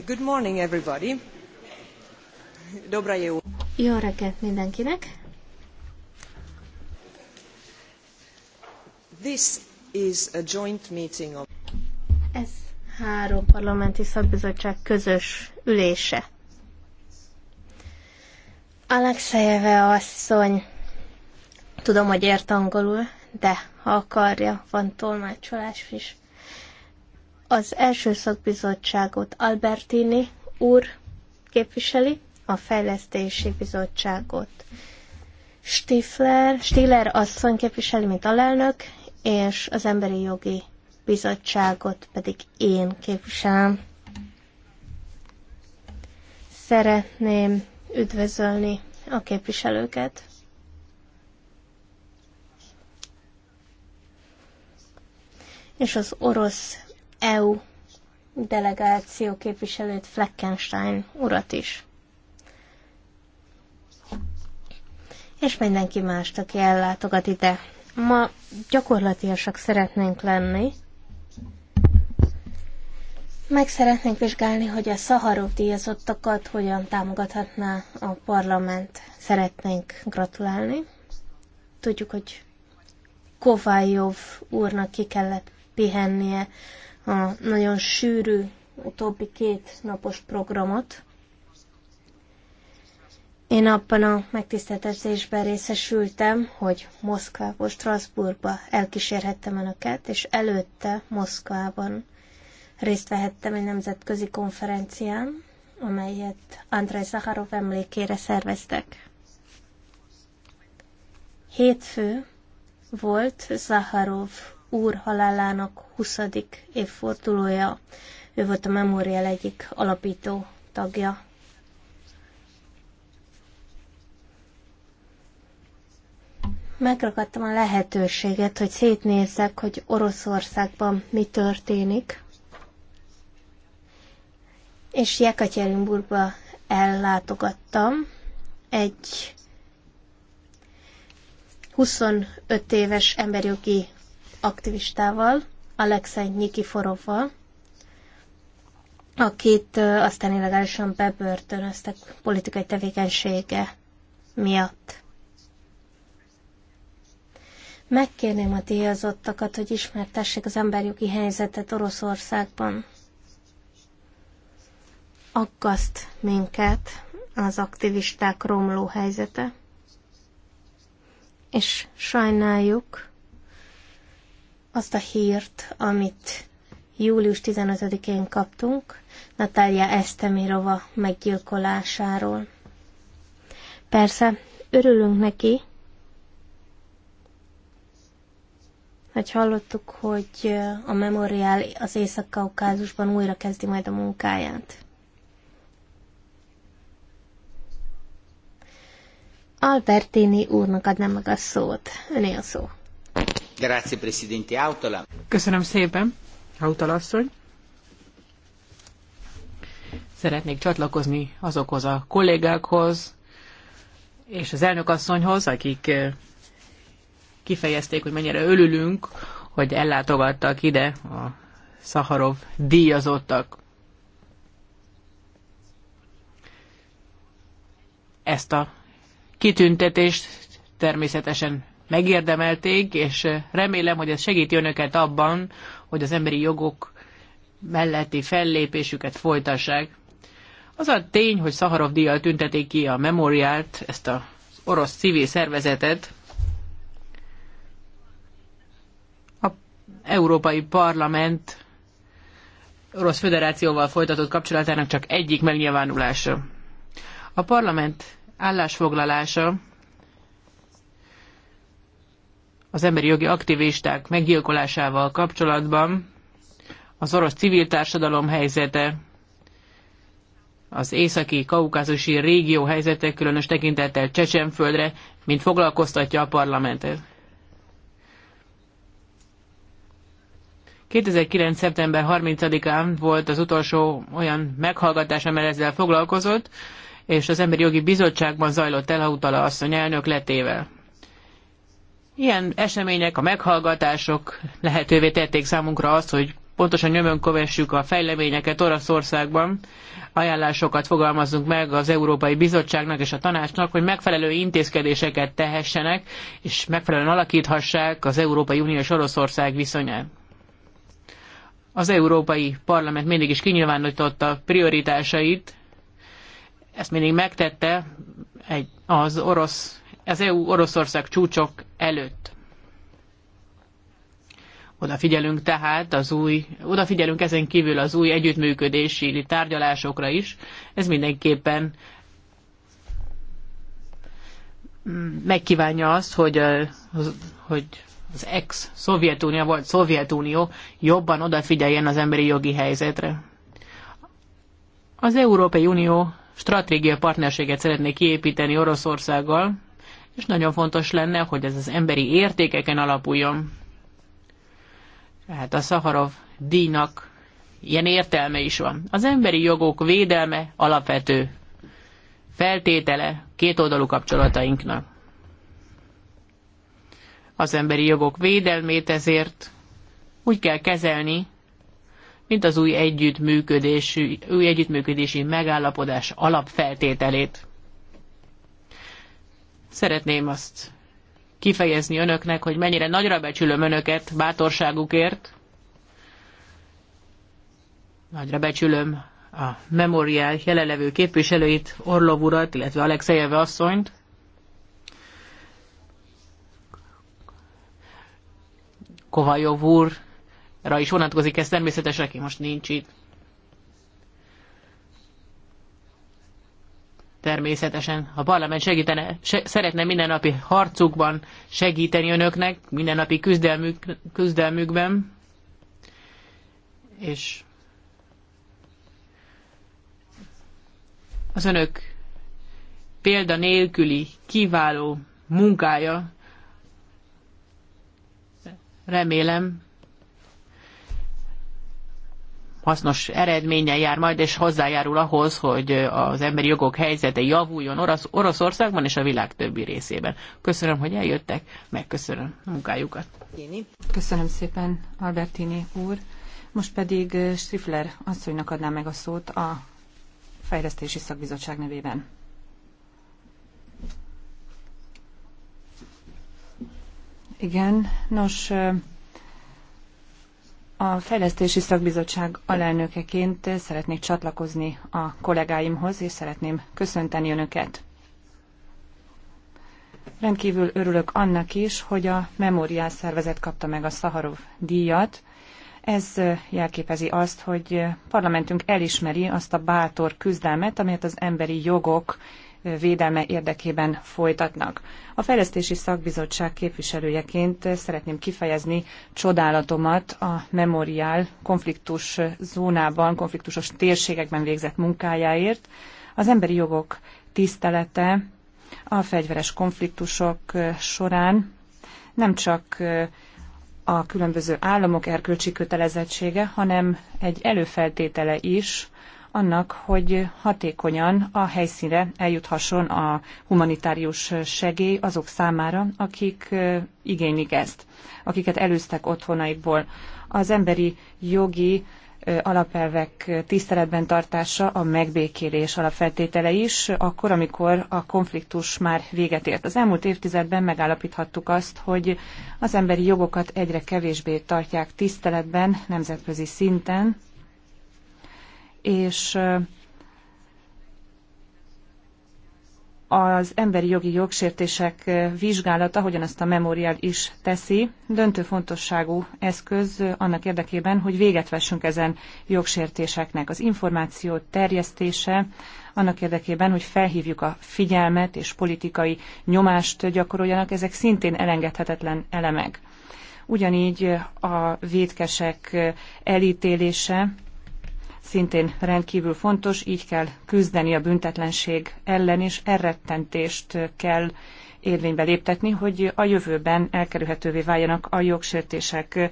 Good morning, everybody. Dobra jó. Jó reggelt mindenkinek. This is a joint meeting of... Ez három parlamenti szakbizottság közös ülése. Alexejeve asszony, tudom, hogy ért angolul, de ha akarja, van tolmácsolás is. Az első szakbizottságot Albertini úr képviseli, a fejlesztési bizottságot Stifler, Stiller asszony képviseli, mint alelnök, és az emberi jogi bizottságot pedig én képviselem. Szeretném üdvözölni a képviselőket. És az orosz EU delegáció képviselőt, Fleckenstein urat is. És mindenki más, aki ellátogat ide. Ma gyakorlatiasak szeretnénk lenni. Meg szeretnénk vizsgálni, hogy a Szaharov díjazottakat hogyan támogathatná a parlament. Szeretnénk gratulálni. Tudjuk, hogy Kovályov úrnak ki kellett pihennie a nagyon sűrű utóbbi két napos programot. Én abban a megtiszteltetésben részesültem, hogy Moszkvából, Strasbourgba elkísérhettem önöket, és előtte Moszkvában részt vehettem egy nemzetközi konferencián, amelyet Andrei Zaharov emlékére szerveztek. Hétfő volt Zaharov úr halálának 20. évfordulója. Ő volt a Memorial egyik alapító tagja. Megragadtam a lehetőséget, hogy szétnézzek, hogy Oroszországban mi történik. És Jekaterinburgba ellátogattam egy 25 éves emberjogi aktivistával, Alexei Nyikiforovval, akit aztán illegálisan bebörtönöztek politikai tevékenysége miatt. Megkérném a díjazottakat, hogy ismertessék az emberjogi helyzetet Oroszországban. Aggaszt minket az aktivisták romló helyzete, és sajnáljuk, azt a hírt, amit július 15-én kaptunk, Natália Esztemirova meggyilkolásáról. Persze, örülünk neki, hogy hallottuk, hogy a memoriál az Észak-Kaukázusban újra kezdi majd a munkáját. Albertini úrnak adnám meg a szót. Öné a szó. Grazie, Presidente Autola. Köszönöm szépen, Autola asszony. Szeretnék csatlakozni azokhoz a kollégákhoz és az elnökasszonyhoz, akik eh, kifejezték, hogy mennyire örülünk, hogy ellátogattak ide a Szaharov díjazottak. Ezt a kitüntetést természetesen megérdemelték, és eh, remélem, hogy ez segíti önöket abban, hogy az emberi jogok melletti fellépésüket folytassák. Az a tény, hogy Szaharov díjjal tüntetik ki a memoriált, ezt az orosz civil szervezetet, a Európai Parlament Orosz Föderációval folytatott kapcsolatának csak egyik megnyilvánulása. A parlament állásfoglalása az emberi jogi aktivisták meggyilkolásával kapcsolatban, az orosz civil társadalom helyzete, az északi kaukázusi régió helyzete, különös tekintettel Csecsenföldre, mint foglalkoztatja a parlamentet. 2009. szeptember 30-án volt az utolsó olyan meghallgatás, amely ezzel foglalkozott, és az Emberi Jogi Bizottságban zajlott el utala asszony elnök letével. Ilyen események, a meghallgatások lehetővé tették számunkra azt, hogy pontosan nyomon kövessük a fejleményeket Oroszországban, ajánlásokat fogalmazzunk meg az Európai Bizottságnak és a Tanácsnak, hogy megfelelő intézkedéseket tehessenek, és megfelelően alakíthassák az Európai Unió és Oroszország viszonyát. Az Európai Parlament mindig is kinyilvánította prioritásait, ezt mindig megtette egy, az orosz az EU-Oroszország csúcsok előtt. Odafigyelünk tehát az új, odafigyelünk ezen kívül az új együttműködési tárgyalásokra is. Ez mindenképpen megkívánja azt, hogy, hogy az ex-Szovjetunió volt Szovjetunió jobban odafigyeljen az emberi jogi helyzetre. Az Európai Unió stratégia partnerséget szeretné kiépíteni Oroszországgal, és nagyon fontos lenne, hogy ez az emberi értékeken alapuljon. Tehát a Szaharov díjnak ilyen értelme is van. Az emberi jogok védelme alapvető feltétele kétoldalú kapcsolatainknak. Az emberi jogok védelmét ezért úgy kell kezelni, mint az új együttműködési, új együttműködési megállapodás alapfeltételét. Szeretném azt kifejezni önöknek, hogy mennyire nagyra becsülöm önöket bátorságukért. Nagyra becsülöm a memoriál jelenlevő képviselőit, Orlov urat, illetve Alexejeve asszonyt. Kovajov úrra is vonatkozik ez természetesen, aki most nincs itt. természetesen, ha a parlament segítene, se, szeretne mindennapi harcukban segíteni önöknek, mindennapi küzdelmük, küzdelmükben, és az önök példa nélküli kiváló munkája remélem hasznos eredménnyel jár majd, és hozzájárul ahhoz, hogy az emberi jogok helyzete javuljon Orosz- Oroszországban és a világ többi részében. Köszönöm, hogy eljöttek, megköszönöm a munkájukat. Köszönöm szépen, Albertini úr. Most pedig eh, Strifler asszonynak adnám meg a szót a Fejlesztési Szakbizottság nevében. Igen, nos, eh, a Fejlesztési Szakbizottság alelnökeként szeretnék csatlakozni a kollégáimhoz, és szeretném köszönteni Önöket. Rendkívül örülök annak is, hogy a Memorial Szervezet kapta meg a Szaharov díjat. Ez jelképezi azt, hogy parlamentünk elismeri azt a bátor küzdelmet, amelyet az emberi jogok védelme érdekében folytatnak. A Fejlesztési Szakbizottság képviselőjeként szeretném kifejezni csodálatomat a Memorial konfliktus zónában, konfliktusos térségekben végzett munkájáért. Az emberi jogok tisztelete a fegyveres konfliktusok során nem csak a különböző államok erkölcsi kötelezettsége, hanem egy előfeltétele is annak, hogy hatékonyan a helyszínre eljuthasson a humanitárius segély azok számára, akik igénylik ezt, akiket előztek otthonaikból. Az emberi jogi alapelvek tiszteletben tartása a megbékélés alapfeltétele is, akkor, amikor a konfliktus már véget ért. Az elmúlt évtizedben megállapíthattuk azt, hogy az emberi jogokat egyre kevésbé tartják tiszteletben nemzetközi szinten, és az emberi jogi jogsértések vizsgálata, ahogyan ezt a memorial is teszi, döntő fontosságú eszköz annak érdekében, hogy véget vessünk ezen jogsértéseknek. Az információ terjesztése annak érdekében, hogy felhívjuk a figyelmet és politikai nyomást gyakoroljanak, ezek szintén elengedhetetlen elemek. Ugyanígy a védkesek elítélése szintén rendkívül fontos, így kell küzdeni a büntetlenség ellen, és elrettentést kell érvénybe léptetni, hogy a jövőben elkerülhetővé váljanak a jogsértések.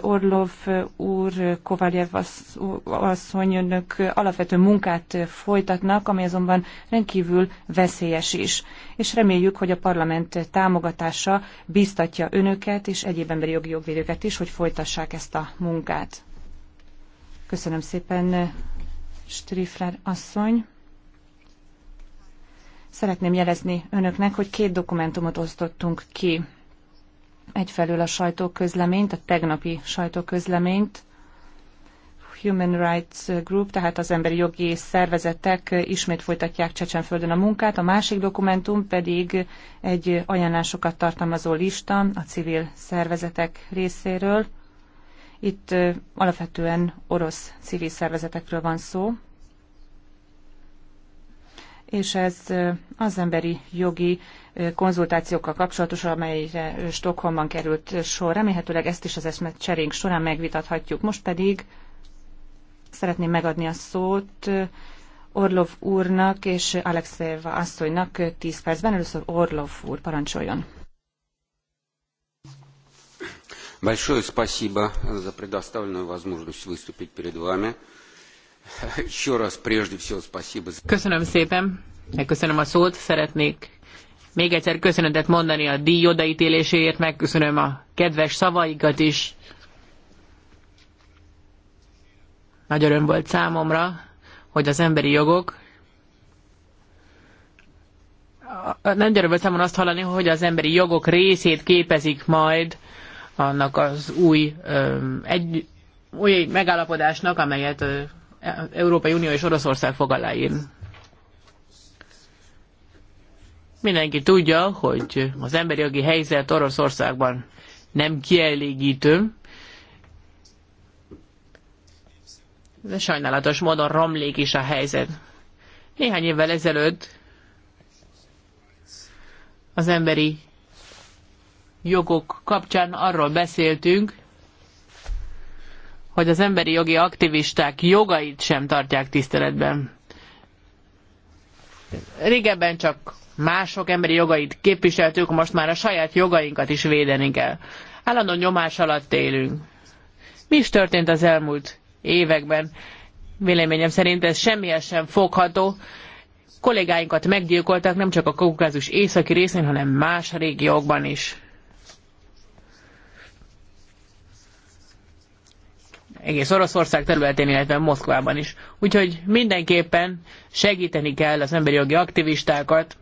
Orlov úr, Kovaljev asszony önök alapvető munkát folytatnak, ami azonban rendkívül veszélyes is. És reméljük, hogy a parlament támogatása biztatja önöket és egyéb emberi jogi jogvédőket is, hogy folytassák ezt a munkát. Köszönöm szépen, Strifler asszony. Szeretném jelezni önöknek, hogy két dokumentumot osztottunk ki. Egyfelől a sajtóközleményt, a tegnapi sajtóközleményt, Human Rights Group, tehát az emberi jogi szervezetek ismét folytatják Csecsenföldön a munkát, a másik dokumentum pedig egy ajánlásokat tartalmazó lista a civil szervezetek részéről, itt alapvetően orosz civil szervezetekről van szó, és ez az emberi jogi konzultációkkal kapcsolatos, amelyre Stockholmban került sor. Remélhetőleg ezt is az eszmet cserénk során megvitathatjuk. Most pedig szeretném megadni a szót Orlov úrnak és Alexeva asszonynak 10 percben. Először Orlov úr, parancsoljon. Большое спасибо за предоставленную возможность выступить перед вами. Еще раз, прежде всего, спасибо. Köszönöm szépen, megköszönöm a szót, szeretnék még egyszer köszönetet mondani a díj odaítéléséért, megköszönöm a kedves szavaikat is. Nagy öröm volt számomra, hogy az emberi jogok nem öröm volt számomra azt hallani, hogy az emberi jogok részét képezik majd annak az új, egy, új megállapodásnak, amelyet Európai Unió és Oroszország fog aláírni. Mindenki tudja, hogy az emberi jogi helyzet Oroszországban nem kielégítő, de sajnálatos módon romlék is a helyzet. Néhány évvel ezelőtt az emberi jogok kapcsán arról beszéltünk, hogy az emberi jogi aktivisták jogait sem tartják tiszteletben. Régebben csak mások emberi jogait képviseltük, most már a saját jogainkat is védeni kell. Állandó nyomás alatt élünk. Mi is történt az elmúlt években? Véleményem szerint ez semmilyen sem fogható. Kollégáinkat meggyilkoltak nem csak a kaukázus északi részén, hanem más régiókban is. egész Oroszország területén, illetve Moszkvában is. Úgyhogy mindenképpen segíteni kell az emberi jogi aktivistákat.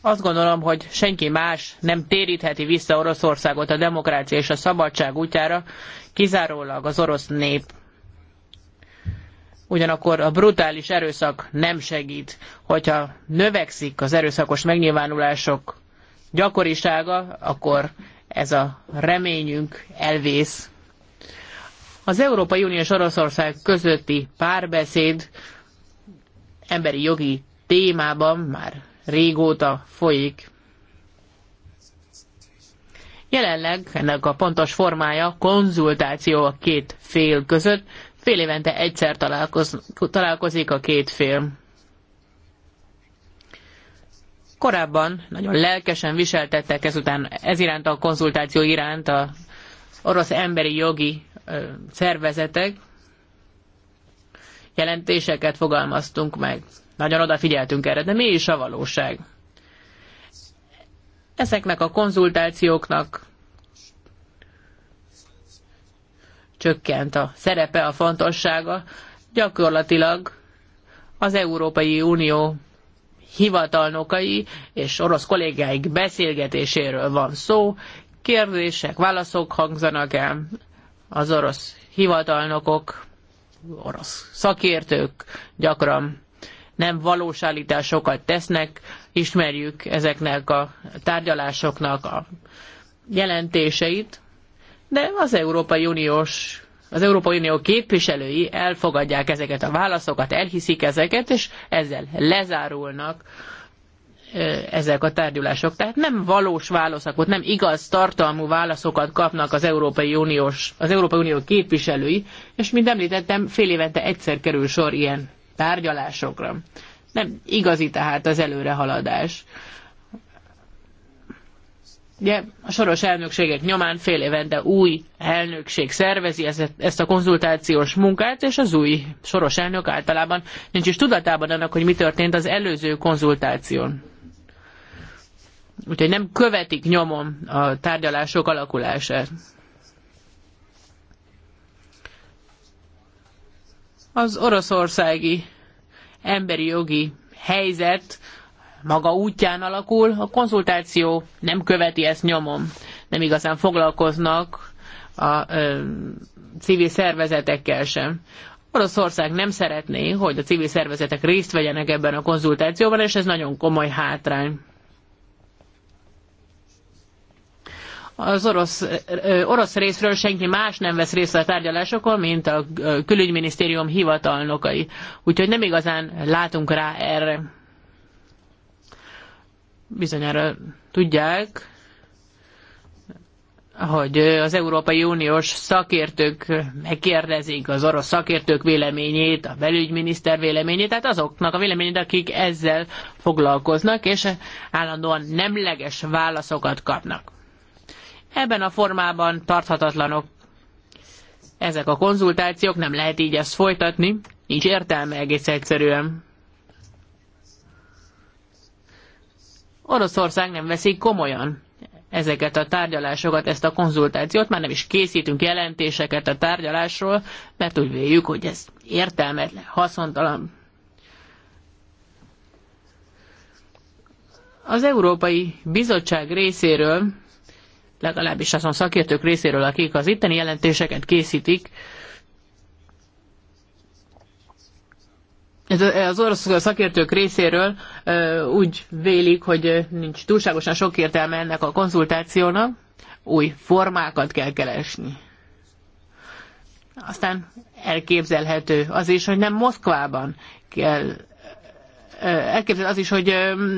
Azt gondolom, hogy senki más nem térítheti vissza Oroszországot a demokrácia és a szabadság útjára, kizárólag az orosz nép. Ugyanakkor a brutális erőszak nem segít, hogyha növekszik az erőszakos megnyilvánulások gyakorisága, akkor ez a reményünk elvész. Az Európai Unió és Oroszország közötti párbeszéd emberi jogi témában már régóta folyik. Jelenleg ennek a pontos formája konzultáció a két fél között, fél évente egyszer találkoz, találkozik a két fél korábban nagyon lelkesen viseltettek ezután ez iránt a konzultáció iránt a orosz emberi jogi szervezetek, jelentéseket fogalmaztunk meg. Nagyon odafigyeltünk erre, de mi is a valóság? Ezeknek a konzultációknak csökkent a szerepe, a fontossága, gyakorlatilag az Európai Unió hivatalnokai és orosz kollégáik beszélgetéséről van szó. Kérdések, válaszok hangzanak el az orosz hivatalnokok, orosz szakértők gyakran nem valósállításokat tesznek, ismerjük ezeknek a tárgyalásoknak a jelentéseit, de az Európai Uniós az Európai Unió képviselői elfogadják ezeket a válaszokat, elhiszik ezeket, és ezzel lezárulnak ezek a tárgyalások. Tehát nem valós válaszokat, nem igaz tartalmú válaszokat kapnak az Európai, Uniós, az Európai Unió képviselői, és mint említettem, fél évente egyszer kerül sor ilyen tárgyalásokra. Nem igazi tehát az előrehaladás. Ugye a soros elnökségek nyomán fél évente új elnökség szervezi ezt ezt a konzultációs munkát, és az új soros elnök általában nincs is tudatában annak, hogy mi történt az előző konzultáción. Úgyhogy nem követik nyomon a tárgyalások alakulását. Az oroszországi emberi jogi helyzet maga útján alakul, a konzultáció nem követi ezt nyomon. Nem igazán foglalkoznak a ö, civil szervezetekkel sem. Oroszország nem szeretné, hogy a civil szervezetek részt vegyenek ebben a konzultációban, és ez nagyon komoly hátrány. az orosz, orosz részről senki más nem vesz részt a tárgyalásokon, mint a külügyminisztérium hivatalnokai. Úgyhogy nem igazán látunk rá erre bizonyára tudják, hogy az Európai Uniós szakértők megkérdezik az orosz szakértők véleményét, a belügyminiszter véleményét, tehát azoknak a véleményét, akik ezzel foglalkoznak, és állandóan nemleges válaszokat kapnak. Ebben a formában tarthatatlanok ezek a konzultációk, nem lehet így ezt folytatni, nincs értelme egész egyszerűen. Oroszország nem veszi komolyan ezeket a tárgyalásokat, ezt a konzultációt, már nem is készítünk jelentéseket a tárgyalásról, mert úgy véljük, hogy ez értelmetlen, haszontalan. Az Európai Bizottság részéről, legalábbis azon szakértők részéről, akik az itteni jelentéseket készítik, az orosz szakértők részéről úgy vélik, hogy nincs túlságosan sok értelme ennek a konzultációnak, új formákat kell keresni. Aztán elképzelhető az is, hogy nem Moszkvában kell elképzelhető az is, hogy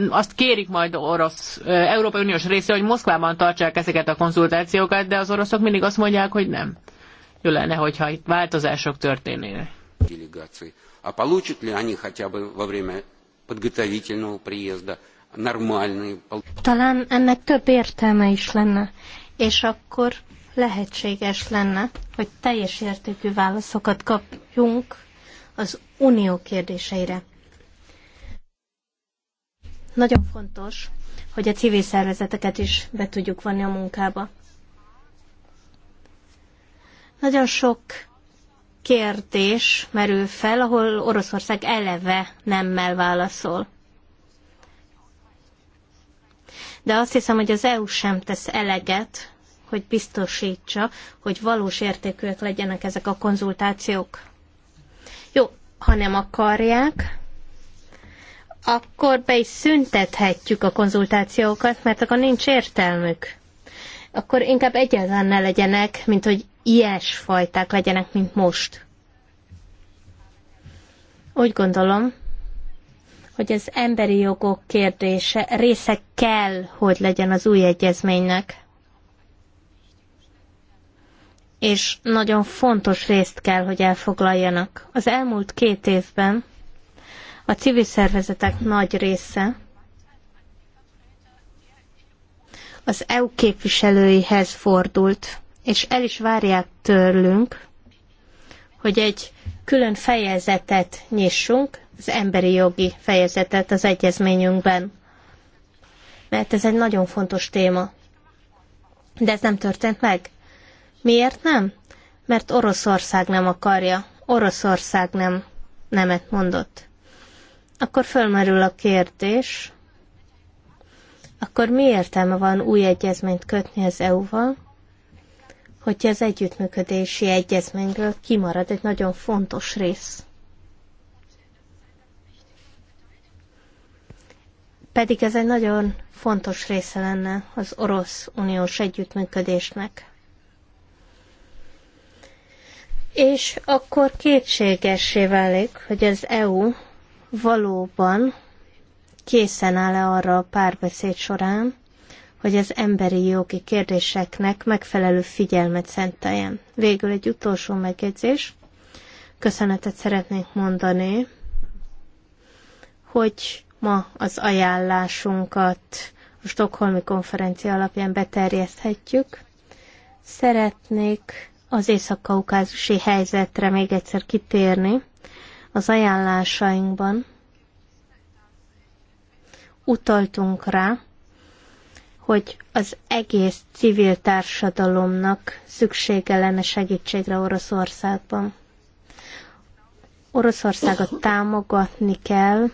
azt kérik majd orosz, Európai Uniós része, hogy Moszkvában tartsák ezeket a konzultációkat, de az oroszok mindig azt mondják, hogy nem. Jó lenne, hogyha itt változások történnének делегации. А получат ли они хотя бы во время подготовительного приезда нормальные... Талан, ennek több értelme is lenne, és akkor lehetséges lenne, hogy teljes értékű válaszokat kapjunk az unió kérdéseire. Nagyon fontos, hogy a civil szervezeteket is be tudjuk vonni a munkába. Nagyon sok kérdés merül fel, ahol Oroszország eleve nemmel válaszol. De azt hiszem, hogy az EU sem tesz eleget, hogy biztosítsa, hogy valós értékűek legyenek ezek a konzultációk. Jó, ha nem akarják, akkor be is szüntethetjük a konzultációkat, mert akkor nincs értelmük. Akkor inkább egyáltalán ne legyenek, mint hogy ilyes fajták legyenek, mint most. Úgy gondolom, hogy az emberi jogok kérdése része kell, hogy legyen az új egyezménynek. És nagyon fontos részt kell, hogy elfoglaljanak. Az elmúlt két évben a civil szervezetek nagy része az EU képviselőihez fordult és el is várják tőlünk, hogy egy külön fejezetet nyissunk, az emberi jogi fejezetet az egyezményünkben. Mert ez egy nagyon fontos téma. De ez nem történt meg. Miért nem? Mert Oroszország nem akarja. Oroszország nem nemet mondott. Akkor fölmerül a kérdés, akkor mi értelme van új egyezményt kötni az EU-val, hogyha az együttműködési egyezményről kimarad egy nagyon fontos rész. Pedig ez egy nagyon fontos része lenne az orosz uniós együttműködésnek. És akkor kétségessé válik, hogy az EU valóban készen áll-e arra a párbeszéd során, hogy az emberi jogi kérdéseknek megfelelő figyelmet szenteljen. Végül egy utolsó megjegyzés. Köszönetet szeretnék mondani, hogy ma az ajánlásunkat a Stockholmi konferencia alapján beterjeszthetjük. Szeretnék az észak-kaukázusi helyzetre még egyszer kitérni. Az ajánlásainkban utaltunk rá, hogy az egész civil társadalomnak szüksége lenne segítségre Oroszországban. Oroszországot támogatni kell,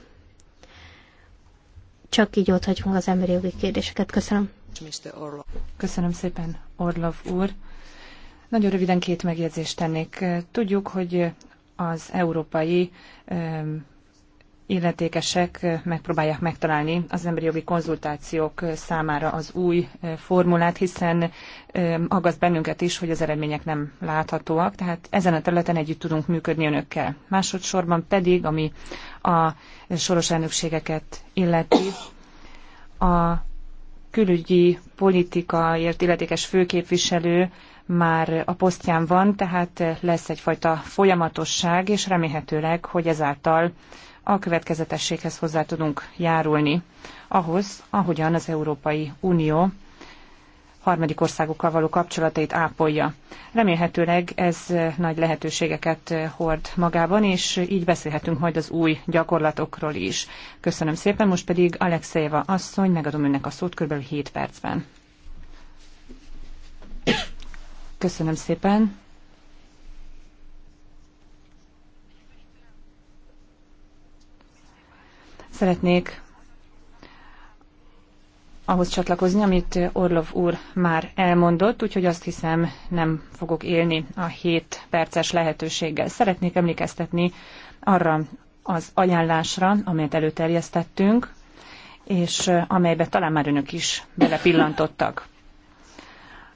csak így ott hagyunk az emberi jogi kérdéseket. Köszönöm. Köszönöm szépen, Orlov úr. Nagyon röviden két megjegyzést tennék. Tudjuk, hogy az európai illetékesek megpróbálják megtalálni az emberi jogi konzultációk számára az új formulát, hiszen aggaszt bennünket is, hogy az eredmények nem láthatóak, tehát ezen a területen együtt tudunk működni önökkel. Másodszorban pedig, ami a soros elnökségeket illeti, a külügyi politikaért illetékes főképviselő már a posztján van, tehát lesz egyfajta folyamatosság, és remélhetőleg, hogy ezáltal a következetességhez hozzá tudunk járulni, ahhoz, ahogyan az Európai Unió harmadik országokkal való kapcsolatait ápolja. Remélhetőleg ez nagy lehetőségeket hord magában, és így beszélhetünk majd az új gyakorlatokról is. Köszönöm szépen, most pedig Alexeva asszony, megadom önnek a szót kb. 7 percben. Köszönöm szépen. Szeretnék ahhoz csatlakozni, amit Orlov úr már elmondott, úgyhogy azt hiszem nem fogok élni a 7 perces lehetőséggel. Szeretnék emlékeztetni arra az ajánlásra, amelyet előterjesztettünk, és amelybe talán már önök is belepillantottak.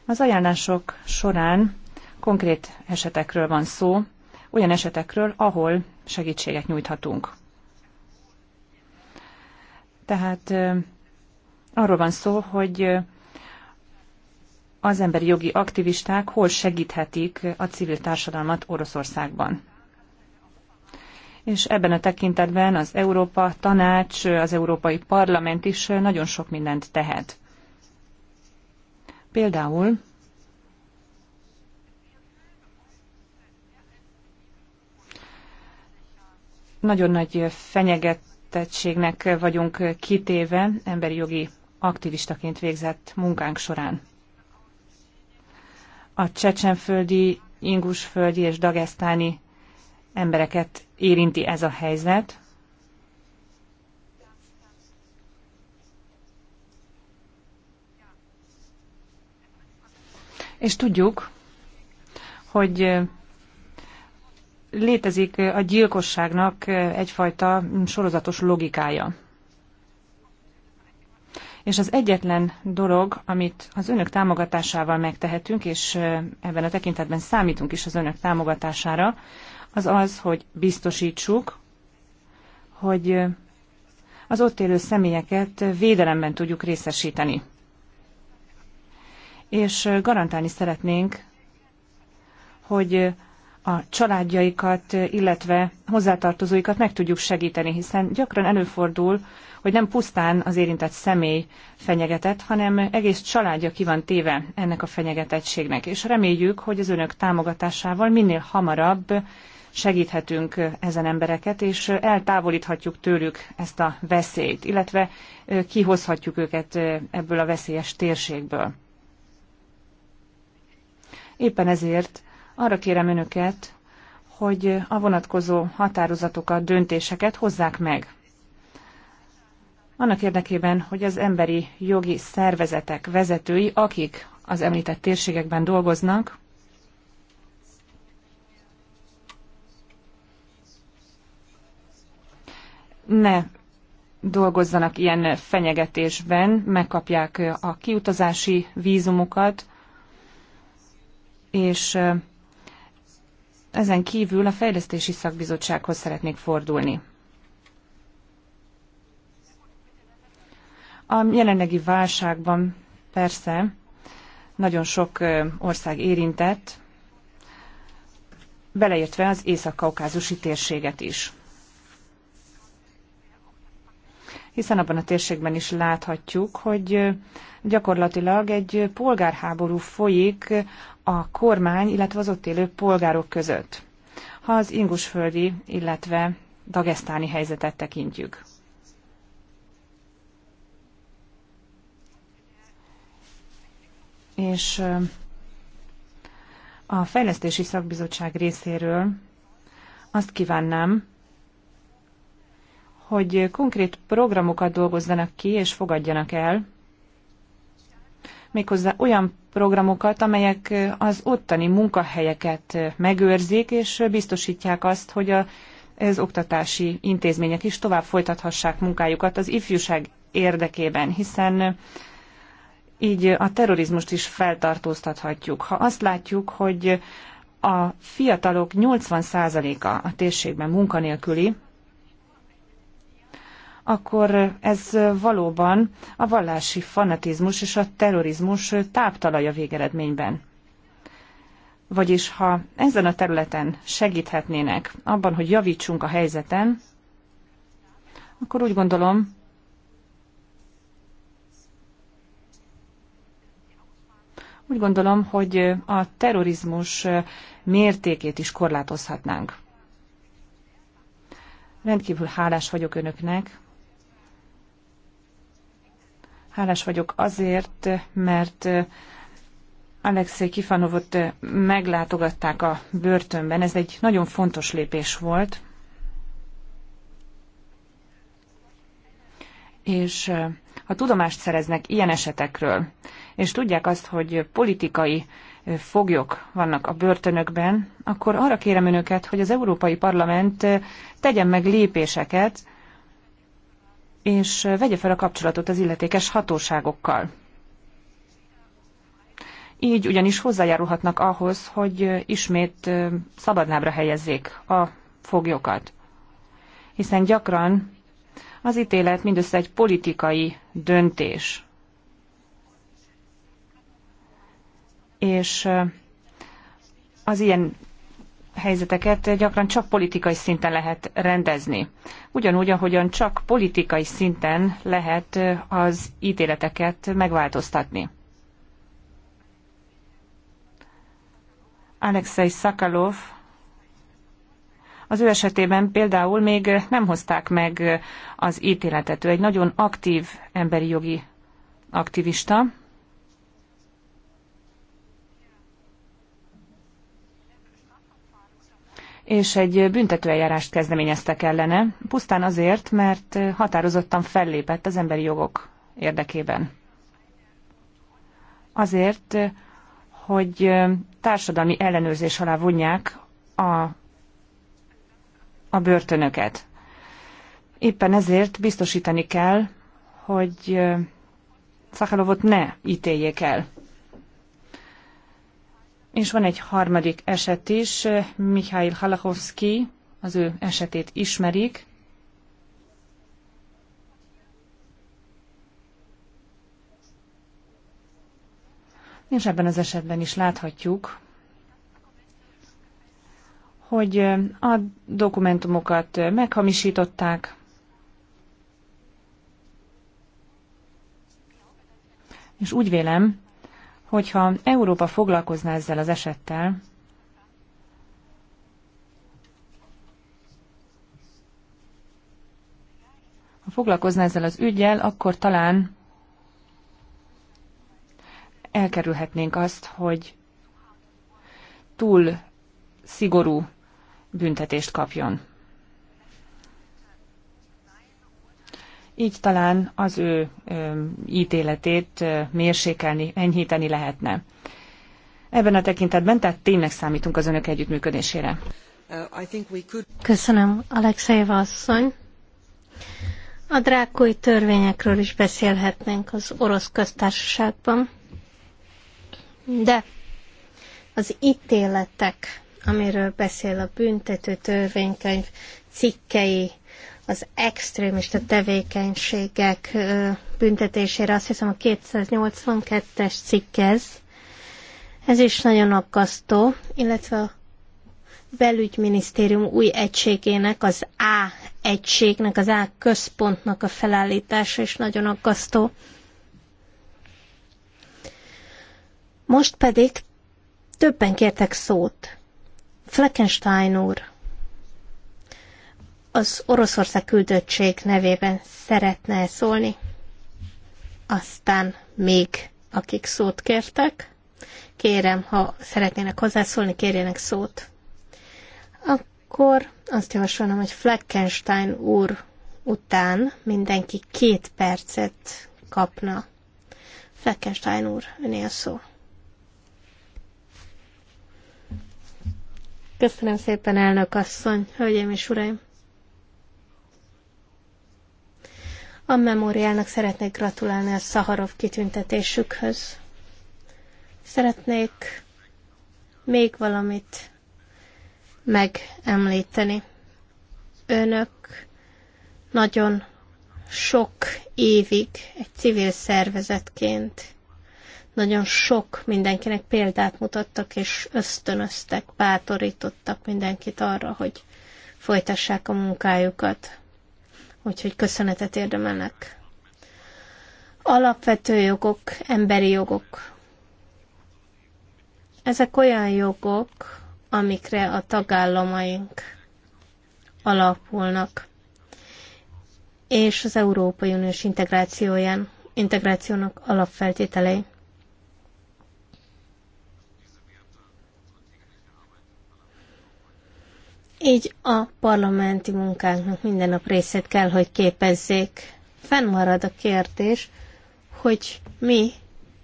Az ajánlások során konkrét esetekről van szó, olyan esetekről, ahol segítséget nyújthatunk. Tehát arról van szó, hogy az emberi jogi aktivisták hol segíthetik a civil társadalmat Oroszországban. És ebben a tekintetben az Európa Tanács, az Európai Parlament is nagyon sok mindent tehet. Például nagyon nagy fenyeget veszélyeztetettségnek vagyunk kitéve emberi jogi aktivistaként végzett munkánk során. A csecsenföldi, ingusföldi és dagesztáni embereket érinti ez a helyzet. És tudjuk, hogy létezik a gyilkosságnak egyfajta sorozatos logikája. És az egyetlen dolog, amit az önök támogatásával megtehetünk, és ebben a tekintetben számítunk is az önök támogatására, az az, hogy biztosítsuk, hogy az ott élő személyeket védelemben tudjuk részesíteni. És garantálni szeretnénk, hogy a családjaikat, illetve hozzátartozóikat meg tudjuk segíteni, hiszen gyakran előfordul, hogy nem pusztán az érintett személy fenyegetett, hanem egész családja ki van téve ennek a fenyegetettségnek. És reméljük, hogy az önök támogatásával minél hamarabb segíthetünk ezen embereket, és eltávolíthatjuk tőlük ezt a veszélyt, illetve kihozhatjuk őket ebből a veszélyes térségből. Éppen ezért arra kérem önöket, hogy a vonatkozó határozatokat, döntéseket hozzák meg. Annak érdekében, hogy az emberi jogi szervezetek vezetői, akik az említett térségekben dolgoznak, ne dolgozzanak ilyen fenyegetésben, megkapják a kiutazási vízumukat, és ezen kívül a Fejlesztési Szakbizottsághoz szeretnék fordulni. A jelenlegi válságban persze nagyon sok ország érintett, beleértve az észak-kaukázusi térséget is. hiszen abban a térségben is láthatjuk, hogy gyakorlatilag egy polgárháború folyik a kormány, illetve az ott élő polgárok között, ha az ingusföldi, illetve dagesztáni helyzetet tekintjük. És a Fejlesztési Szakbizottság részéről azt kívánnám, hogy konkrét programokat dolgozzanak ki és fogadjanak el, méghozzá olyan programokat, amelyek az ottani munkahelyeket megőrzik, és biztosítják azt, hogy a, az oktatási intézmények is tovább folytathassák munkájukat az ifjúság érdekében, hiszen így a terrorizmust is feltartóztathatjuk. Ha azt látjuk, hogy a fiatalok 80%-a a térségben munkanélküli, akkor ez valóban a vallási fanatizmus és a terrorizmus táptalaja végeredményben. Vagyis ha ezen a területen segíthetnének abban, hogy javítsunk a helyzeten, akkor úgy gondolom, úgy gondolom, hogy a terrorizmus mértékét is korlátozhatnánk. Rendkívül hálás vagyok önöknek Hálás vagyok azért, mert Alexei Kifanovot meglátogatták a börtönben. Ez egy nagyon fontos lépés volt. És ha tudomást szereznek ilyen esetekről, és tudják azt, hogy politikai foglyok vannak a börtönökben, akkor arra kérem önöket, hogy az Európai Parlament tegyen meg lépéseket, és vegye fel a kapcsolatot az illetékes hatóságokkal. Így ugyanis hozzájárulhatnak ahhoz, hogy ismét szabadnábra helyezzék a foglyokat. Hiszen gyakran az ítélet mindössze egy politikai döntés. És az ilyen helyzeteket gyakran csak politikai szinten lehet rendezni. Ugyanúgy, ahogyan csak politikai szinten lehet az ítéleteket megváltoztatni. Alexei Szakalov az ő esetében például még nem hozták meg az ítéletet. Ő egy nagyon aktív emberi jogi aktivista, és egy büntetőeljárást kezdeményeztek ellene, pusztán azért, mert határozottan fellépett az emberi jogok érdekében. Azért, hogy társadalmi ellenőrzés alá vonják a, a börtönöket. Éppen ezért biztosítani kell, hogy Szakalovot ne ítéljék el. És van egy harmadik eset is, Mihail Halachowski, az ő esetét ismerik. És ebben az esetben is láthatjuk, hogy a dokumentumokat meghamisították, és úgy vélem, hogyha Európa foglalkozna ezzel az esettel, ha foglalkozna ezzel az ügyel, akkor talán elkerülhetnénk azt, hogy túl szigorú büntetést kapjon. így talán az ő ítéletét mérsékelni, enyhíteni lehetne. Ebben a tekintetben tehát tényleg számítunk az önök együttműködésére. Uh, Köszönöm, Alexejeva asszony. A drákói törvényekről is beszélhetnénk az orosz köztársaságban, de az ítéletek, amiről beszél a büntető törvénykönyv cikkei, az extrémista tevékenységek büntetésére, azt hiszem a 282-es cikkez, ez is nagyon aggasztó, illetve a belügyminisztérium új egységének, az A egységnek, az A központnak a felállítása is nagyon aggasztó. Most pedig többen kértek szót. Fleckenstein úr az Oroszország küldöttség nevében szeretne szólni. Aztán még akik szót kértek, kérem, ha szeretnének hozzászólni, kérjenek szót. Akkor azt javasolom, hogy Fleckenstein úr után mindenki két percet kapna. Fleckenstein úr, öné a szó. Köszönöm szépen, elnök asszony, hölgyeim és uraim! A memóriának szeretnék gratulálni a Szaharov kitüntetésükhöz. Szeretnék még valamit megemlíteni. Önök nagyon sok évig egy civil szervezetként nagyon sok mindenkinek példát mutattak, és ösztönöztek, bátorítottak mindenkit arra, hogy folytassák a munkájukat úgyhogy köszönetet érdemelnek. Alapvető jogok, emberi jogok. Ezek olyan jogok, amikre a tagállamaink alapulnak, és az Európai Uniós integrációján, integrációnak alapfeltételei. Így a parlamenti munkánknak minden nap részét kell, hogy képezzék. Fennmarad a kérdés, hogy mi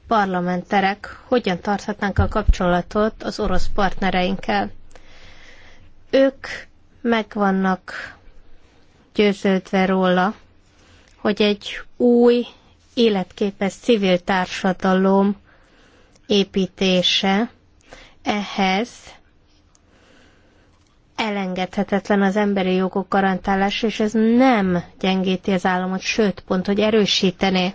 parlamenterek hogyan tarthatnánk a kapcsolatot az orosz partnereinkkel. Ők meg vannak győződve róla, hogy egy új, életképes civil társadalom építése ehhez elengedhetetlen az emberi jogok garantálása, és ez nem gyengíti az államot, sőt, pont, hogy erősítené.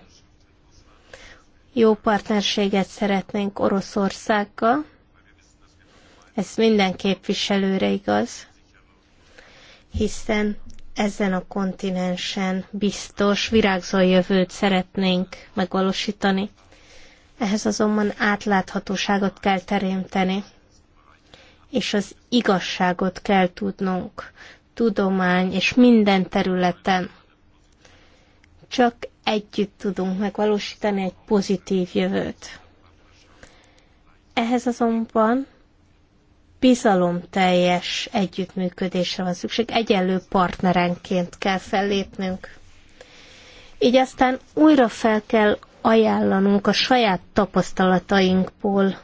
Jó partnerséget szeretnénk Oroszországgal, ez minden képviselőre igaz, hiszen ezen a kontinensen biztos, virágzó jövőt szeretnénk megvalósítani. Ehhez azonban átláthatóságot kell teremteni és az igazságot kell tudnunk tudomány és minden területen. Csak együtt tudunk megvalósítani egy pozitív jövőt. Ehhez azonban bizalomteljes együttműködésre van szükség, egyenlő partnerenként kell fellépnünk. Így aztán újra fel kell ajánlanunk a saját tapasztalatainkból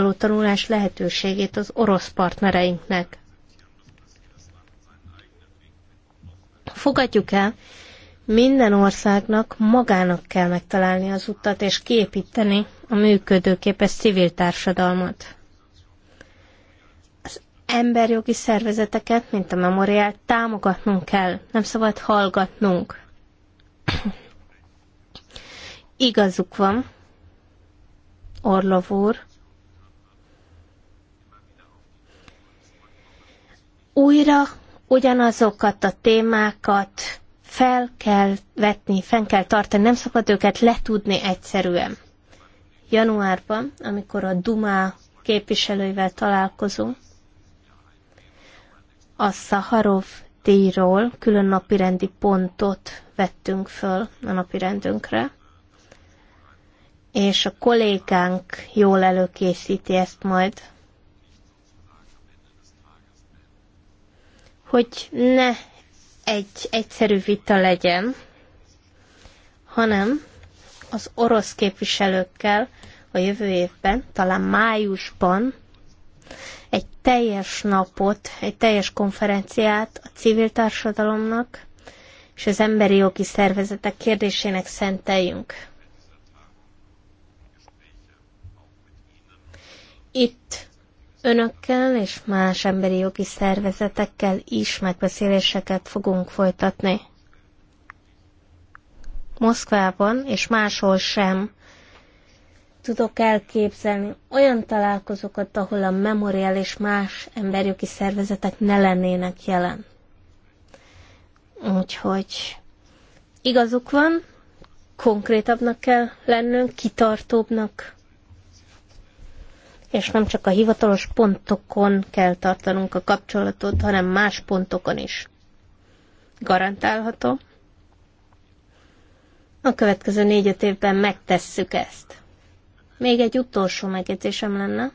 való tanulás lehetőségét az orosz partnereinknek. Fogadjuk el, minden országnak magának kell megtalálni az utat és kiépíteni a működőképes civil társadalmat. Az emberjogi szervezeteket, mint a memoriál, támogatnunk kell, nem szabad hallgatnunk. Igazuk van, Orlov úr, újra ugyanazokat a témákat fel kell vetni, fenn kell tartani, nem szabad őket letudni egyszerűen. Januárban, amikor a Duma képviselőivel találkozunk, a Szaharov díjról külön napirendi pontot vettünk föl a napirendünkre, és a kollégánk jól előkészíti ezt majd. hogy ne egy egyszerű vita legyen, hanem az orosz képviselőkkel a jövő évben, talán májusban egy teljes napot, egy teljes konferenciát a civil társadalomnak és az emberi jogi szervezetek kérdésének szenteljünk. Itt önökkel és más emberi jogi szervezetekkel is megbeszéléseket fogunk folytatni. Moszkvában és máshol sem tudok elképzelni olyan találkozókat, ahol a memoriál és más emberjogi szervezetek ne lennének jelen. Úgyhogy igazuk van, konkrétabbnak kell lennünk, kitartóbbnak, és nem csak a hivatalos pontokon kell tartanunk a kapcsolatot, hanem más pontokon is. Garantálható? A következő négy-öt évben megtesszük ezt. Még egy utolsó megjegyzésem lenne.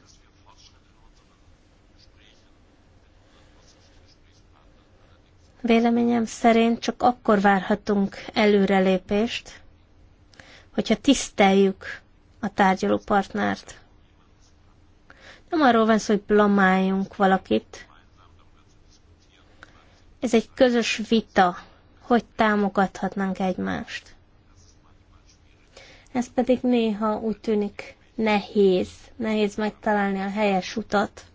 Véleményem szerint csak akkor várhatunk előrelépést, hogyha tiszteljük a tárgyaló partnert. Nem arról van szó, hogy blamáljunk valakit. Ez egy közös vita, hogy támogathatnánk egymást. Ez pedig néha úgy tűnik nehéz, nehéz megtalálni a helyes utat.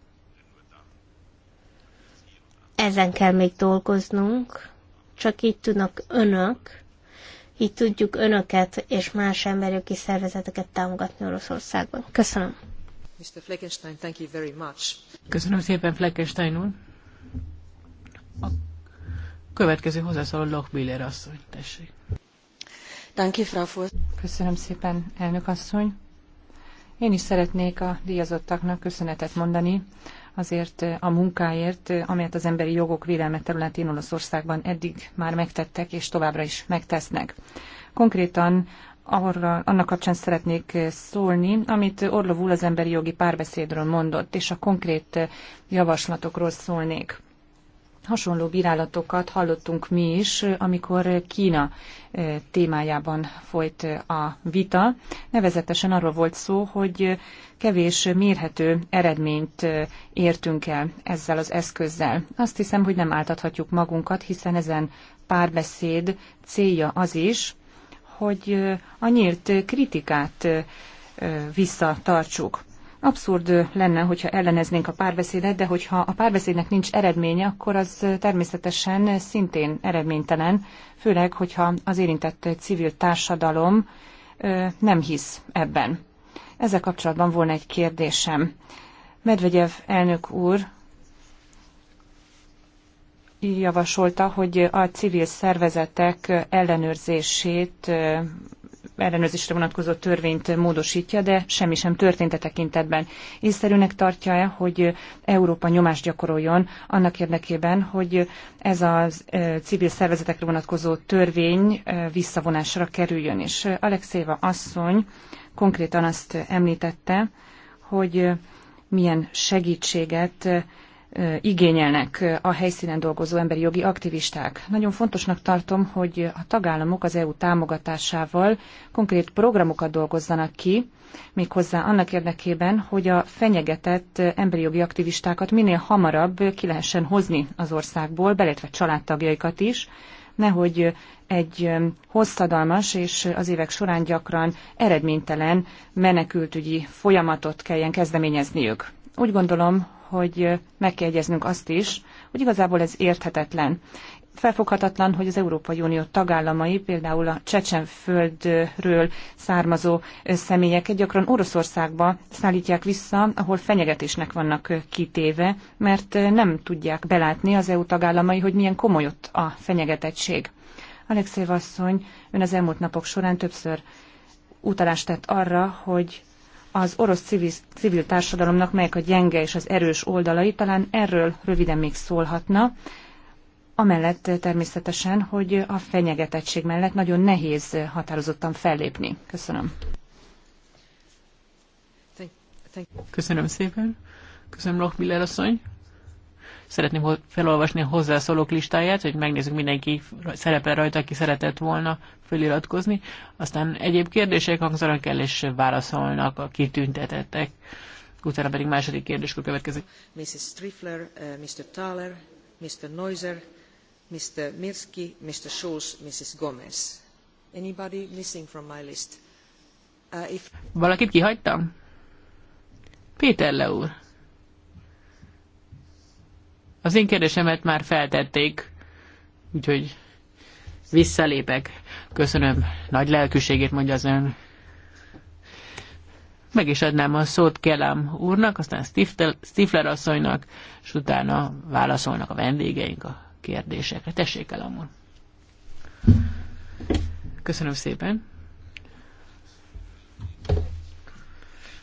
Ezen kell még dolgoznunk, csak így tudnak önök, így tudjuk önöket és más emberi szervezeteket támogatni Oroszországban. Köszönöm. Mr. Fleckenstein, thank you very much. Köszönöm szépen, Fleckenstein úr. A következő hozzászóló Lochbiller asszony, tessék. Thank you, Frau Ford. Köszönöm szépen, elnök asszony. Én is szeretnék a díjazottaknak köszönetet mondani azért eh, a munkáért, eh, amelyet az emberi jogok védelme területén Olaszországban eddig már megtettek, és továbbra is megtesznek. Konkrétan arra, annak kapcsán szeretnék szólni, amit Orlov úr az emberi jogi párbeszédről mondott, és a konkrét javaslatokról szólnék. Hasonló bírálatokat hallottunk mi is, amikor Kína eh, témájában folyt eh, a vita. Nevezetesen arról volt szó, hogy kevés mérhető eredményt eh, értünk el ezzel az eszközzel. Azt hiszem, hogy nem áltathatjuk magunkat, hiszen ezen párbeszéd célja az is, hogy a nyílt kritikát visszatartsuk. Abszurd lenne, hogyha elleneznénk a párbeszédet, de hogyha a párbeszédnek nincs eredménye, akkor az természetesen szintén eredménytelen, főleg, hogyha az érintett civil társadalom nem hisz ebben. Ezzel kapcsolatban volna egy kérdésem. Medvegyev elnök úr javasolta, hogy a civil szervezetek ellenőrzését ellenőrzésre vonatkozó törvényt módosítja, de semmi sem történt e tekintetben. Észszerűnek tartja-e, hogy Európa nyomást gyakoroljon annak érdekében, hogy ez a civil szervezetekre vonatkozó törvény visszavonásra kerüljön? És Alexéva asszony konkrétan azt említette, hogy milyen segítséget igényelnek a helyszínen dolgozó emberi jogi aktivisták. Nagyon fontosnak tartom, hogy a tagállamok az EU támogatásával konkrét programokat dolgozzanak ki, méghozzá annak érdekében, hogy a fenyegetett emberi jogi aktivistákat minél hamarabb ki lehessen hozni az országból, beletve családtagjaikat is, nehogy egy hosszadalmas és az évek során gyakran eredménytelen menekültügyi folyamatot kelljen kezdeményezniük. Úgy gondolom, hogy meg kell egyeznünk azt is, hogy igazából ez érthetetlen. Felfoghatatlan, hogy az Európai Unió tagállamai, például a Csecsenföldről származó személyek gyakran Oroszországba szállítják vissza, ahol fenyegetésnek vannak kitéve, mert nem tudják belátni az EU tagállamai, hogy milyen komoly ott a fenyegetettség. Alexei Vasszony, ön az elmúlt napok során többször utalást tett arra, hogy az orosz civil, civil társadalomnak melyek a gyenge és az erős oldalai, talán erről röviden még szólhatna. Amellett természetesen, hogy a fenyegetettség mellett nagyon nehéz határozottan fellépni. Köszönöm. Köszönöm szépen. Köszönöm, Lochmiller asszony. Szeretném felolvasni a hozzászólók listáját, hogy megnézzük mindenki szerepel rajta, aki szeretett volna feliratkozni. Aztán egyéb kérdések hangzanak el, és válaszolnak a kitüntetettek. Utána pedig második kérdéskor következik. Mrs. Strifler, uh, eh, Mr. Thaler, Mr. Neuser, Mr. Mirsky, Mr. Schulz, Mrs. Gomez. Anybody missing from my list? Uh, if... Valakit kihagytam? Péter Leúr. Az én kérdésemet már feltették, úgyhogy visszalépek. Köszönöm nagy lelkűségét, mondja az ön. Meg is adnám a szót Kellám úrnak, aztán Stifler asszonynak, és utána válaszolnak a vendégeink a kérdésekre. Tessék, el, amúr. Köszönöm szépen!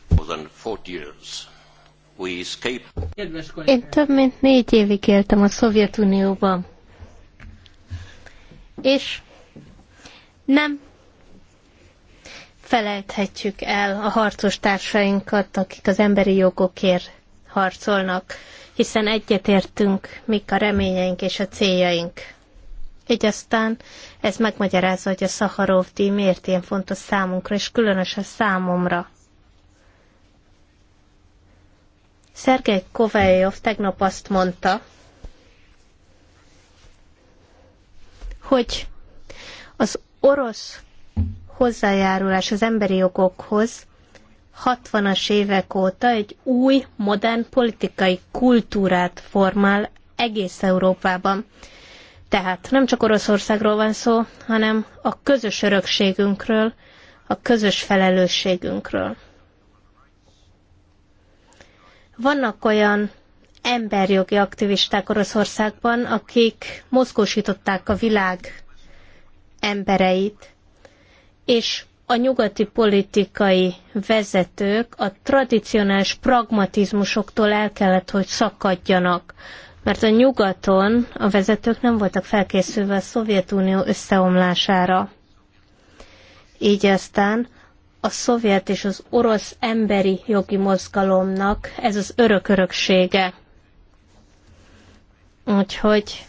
More than 40 years én több mint négy évig éltem a Szovjetunióban. És nem felejthetjük el a harcos társainkat, akik az emberi jogokért harcolnak, hiszen egyetértünk, mik a reményeink és a céljaink. Így aztán ez megmagyarázza, hogy a Szaharov díj miért ilyen fontos számunkra, és különösen számomra. Szergej Kovályov tegnap azt mondta, hogy az orosz hozzájárulás az emberi jogokhoz 60-as évek óta egy új, modern politikai kultúrát formál egész Európában. Tehát nem csak Oroszországról van szó, hanem a közös örökségünkről, a közös felelősségünkről. Vannak olyan emberjogi aktivisták Oroszországban, akik mozgósították a világ embereit, és a nyugati politikai vezetők a tradicionális pragmatizmusoktól el kellett, hogy szakadjanak, mert a nyugaton a vezetők nem voltak felkészülve a Szovjetunió összeomlására. Így aztán a szovjet és az orosz emberi jogi mozgalomnak ez az örök Úgyhogy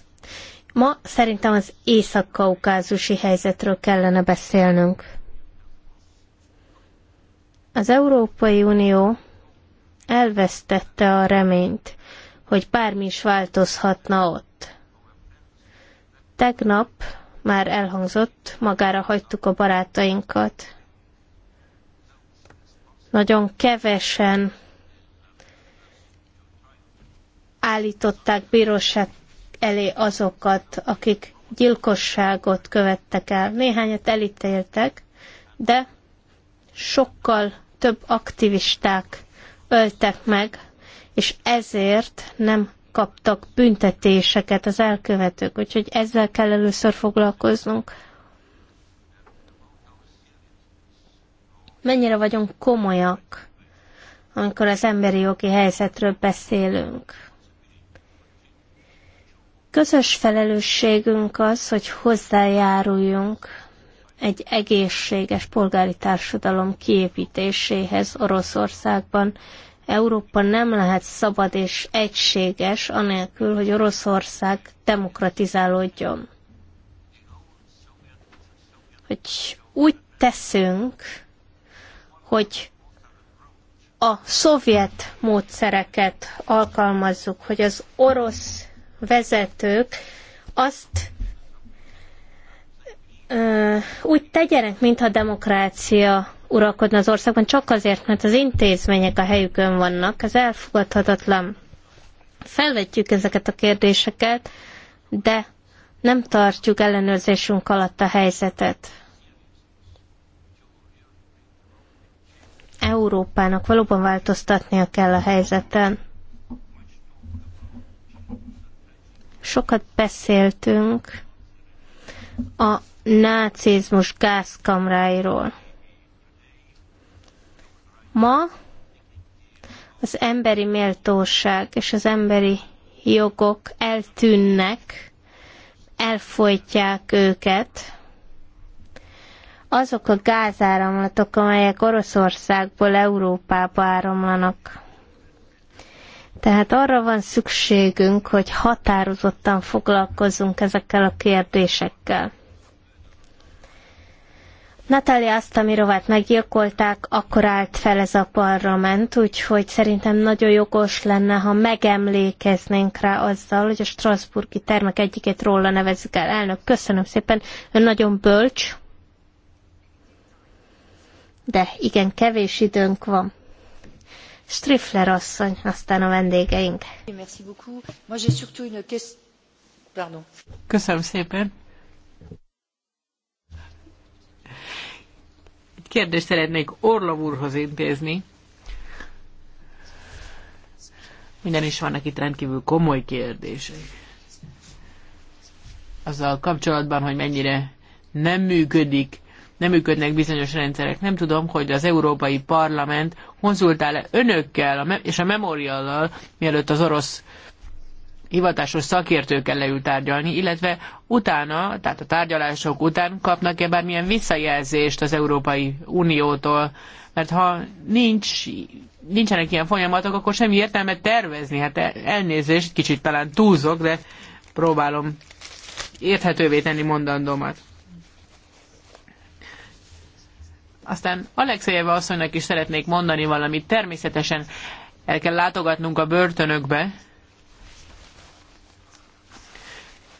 ma szerintem az észak-kaukázusi helyzetről kellene beszélnünk. Az Európai Unió elvesztette a reményt, hogy bármi is változhatna ott. Tegnap már elhangzott, magára hagytuk a barátainkat. Nagyon kevesen állították bíróság elé azokat, akik gyilkosságot követtek el. Néhányat elítéltek, de sokkal több aktivisták öltek meg, és ezért nem kaptak büntetéseket az elkövetők. Úgyhogy ezzel kell először foglalkoznunk. mennyire vagyunk komolyak, amikor az emberi jogi helyzetről beszélünk. Közös felelősségünk az, hogy hozzájáruljunk egy egészséges polgári társadalom kiépítéséhez Oroszországban. Európa nem lehet szabad és egységes, anélkül, hogy Oroszország demokratizálódjon. Hogy úgy teszünk, hogy a szovjet módszereket alkalmazzuk, hogy az orosz vezetők azt ö, úgy tegyenek, mintha demokrácia uralkodna az országban, csak azért, mert az intézmények a helyükön vannak, ez elfogadhatatlan. Felvetjük ezeket a kérdéseket, de nem tartjuk ellenőrzésünk alatt a helyzetet. Európának valóban változtatnia kell a helyzeten. Sokat beszéltünk a nácizmus gázkamráiról. Ma az emberi méltóság és az emberi jogok eltűnnek, elfolytják őket, azok a gázáramlatok, amelyek Oroszországból Európába áramlanak. Tehát arra van szükségünk, hogy határozottan foglalkozunk ezekkel a kérdésekkel. Natalia Asztamirovát meggyilkolták, akkor állt fel ez a parlament, úgyhogy szerintem nagyon jogos lenne, ha megemlékeznénk rá azzal, hogy a Strasburgi termek egyikét róla nevezzük el. Elnök, köszönöm szépen, ön nagyon bölcs de igen, kevés időnk van. Strifler asszony, aztán a vendégeink. Köszönöm szépen. Egy kérdést szeretnék Orlov úrhoz intézni. is vannak itt rendkívül komoly kérdések. Azzal kapcsolatban, hogy mennyire nem működik nem működnek bizonyos rendszerek. Nem tudom, hogy az Európai Parlament konzultál-e önökkel és a memoriallal, mielőtt az orosz hivatásos szakértőkkel leül tárgyalni, illetve utána, tehát a tárgyalások után kapnak-e bármilyen visszajelzést az Európai Uniótól, mert ha nincs, nincsenek ilyen folyamatok, akkor semmi értelme tervezni. Hát elnézést, kicsit talán túlzok, de próbálom érthetővé tenni mondandómat. Aztán Alexejeva asszonynak is szeretnék mondani valamit. Természetesen el kell látogatnunk a börtönökbe,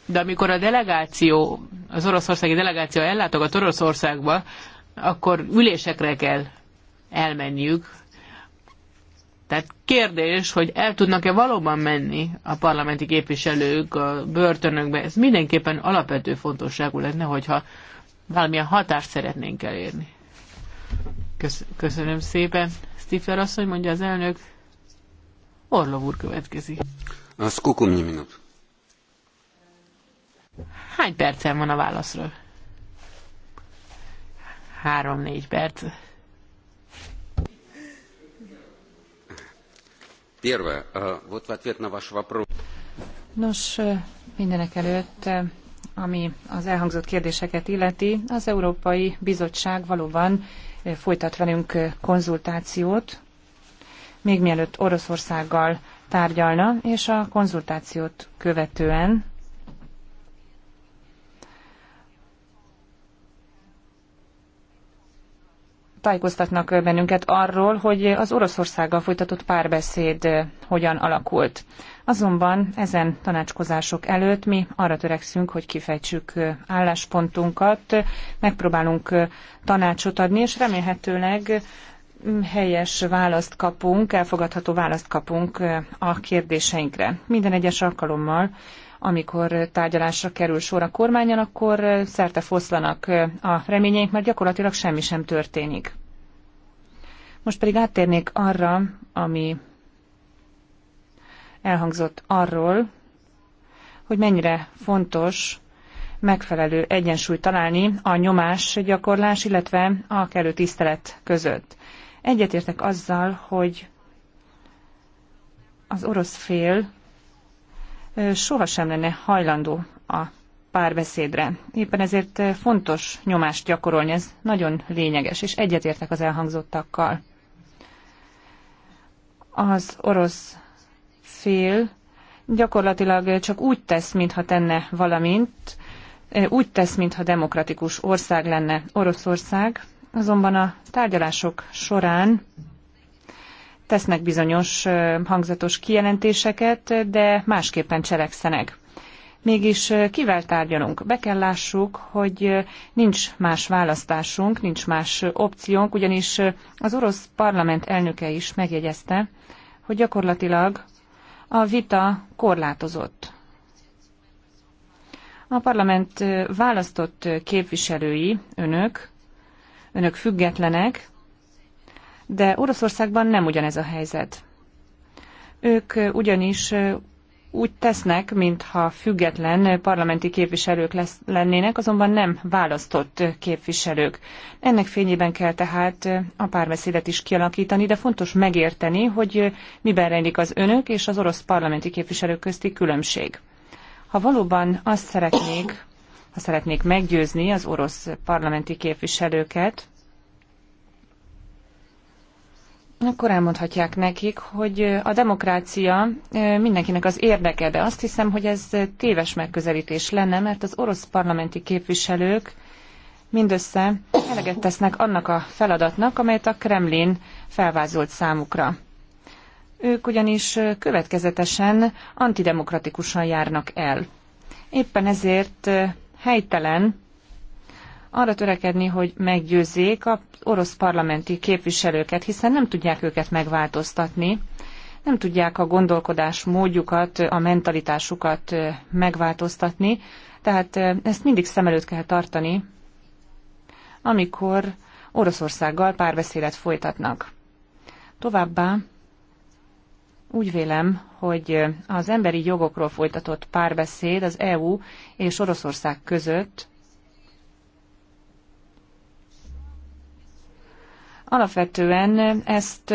de amikor a delegáció, az oroszországi delegáció ellátogat Oroszországba, akkor ülésekre kell elmenniük. Tehát kérdés, hogy el tudnak-e valóban menni a parlamenti képviselők a börtönökbe, ez mindenképpen alapvető fontosságú lenne, hogyha valamilyen hatást szeretnénk elérni. Köszönöm szépen. Stifler asszony, mondja az elnök. Orlov úr következik. Az kukumnyi minut. Hány percen van a válaszról? Három-négy perc. Первое. Вот в ответ на ваш вопрос. Nos, mindenek előtt, ami az elhangzott kérdéseket illeti, az Európai Bizottság valóban folytat velünk konzultációt, még mielőtt Oroszországgal tárgyalna, és a konzultációt követően tájékoztatnak bennünket arról, hogy az Oroszországgal folytatott párbeszéd hogyan alakult. Azonban ezen tanácskozások előtt mi arra törekszünk, hogy kifejtsük álláspontunkat, megpróbálunk tanácsot adni, és remélhetőleg helyes választ kapunk, elfogadható választ kapunk a kérdéseinkre. Minden egyes alkalommal, amikor tárgyalásra kerül sor a kormányon, akkor szerte foszlanak a reményeink, mert gyakorlatilag semmi sem történik. Most pedig áttérnék arra, ami elhangzott arról, hogy mennyire fontos megfelelő egyensúlyt találni a nyomás gyakorlás, illetve a kellő tisztelet között. Egyetértek azzal, hogy az orosz fél sohasem lenne hajlandó a párbeszédre. Éppen ezért fontos nyomást gyakorolni, ez nagyon lényeges, és egyetértek az elhangzottakkal. Az orosz fél gyakorlatilag csak úgy tesz, mintha tenne valamint, úgy tesz, mintha demokratikus ország lenne Oroszország, azonban a tárgyalások során tesznek bizonyos hangzatos kijelentéseket, de másképpen cselekszenek. Mégis kivel tárgyalunk? Be kell lássuk, hogy nincs más választásunk, nincs más opciónk, ugyanis az orosz parlament elnöke is megjegyezte, hogy gyakorlatilag a vita korlátozott. A parlament választott képviselői, önök, önök függetlenek, de Oroszországban nem ugyanez a helyzet. Ők ugyanis úgy tesznek, mintha független parlamenti képviselők lesz, lennének, azonban nem választott képviselők. Ennek fényében kell tehát a párbeszédet is kialakítani, de fontos megérteni, hogy miben rejlik az önök és az orosz parlamenti képviselők közti különbség. Ha valóban azt szeretnék, ha szeretnék meggyőzni az orosz parlamenti képviselőket, akkor elmondhatják nekik, hogy a demokrácia mindenkinek az érdeke, de azt hiszem, hogy ez téves megközelítés lenne, mert az orosz parlamenti képviselők mindössze eleget tesznek annak a feladatnak, amelyet a Kremlin felvázolt számukra. Ők ugyanis következetesen antidemokratikusan járnak el. Éppen ezért helytelen arra törekedni, hogy meggyőzzék az orosz parlamenti képviselőket, hiszen nem tudják őket megváltoztatni, nem tudják a gondolkodás módjukat, a mentalitásukat megváltoztatni, tehát ezt mindig szem előtt kell tartani, amikor Oroszországgal párbeszédet folytatnak. Továbbá úgy vélem, hogy az emberi jogokról folytatott párbeszéd az EU és Oroszország között Alapvetően ezt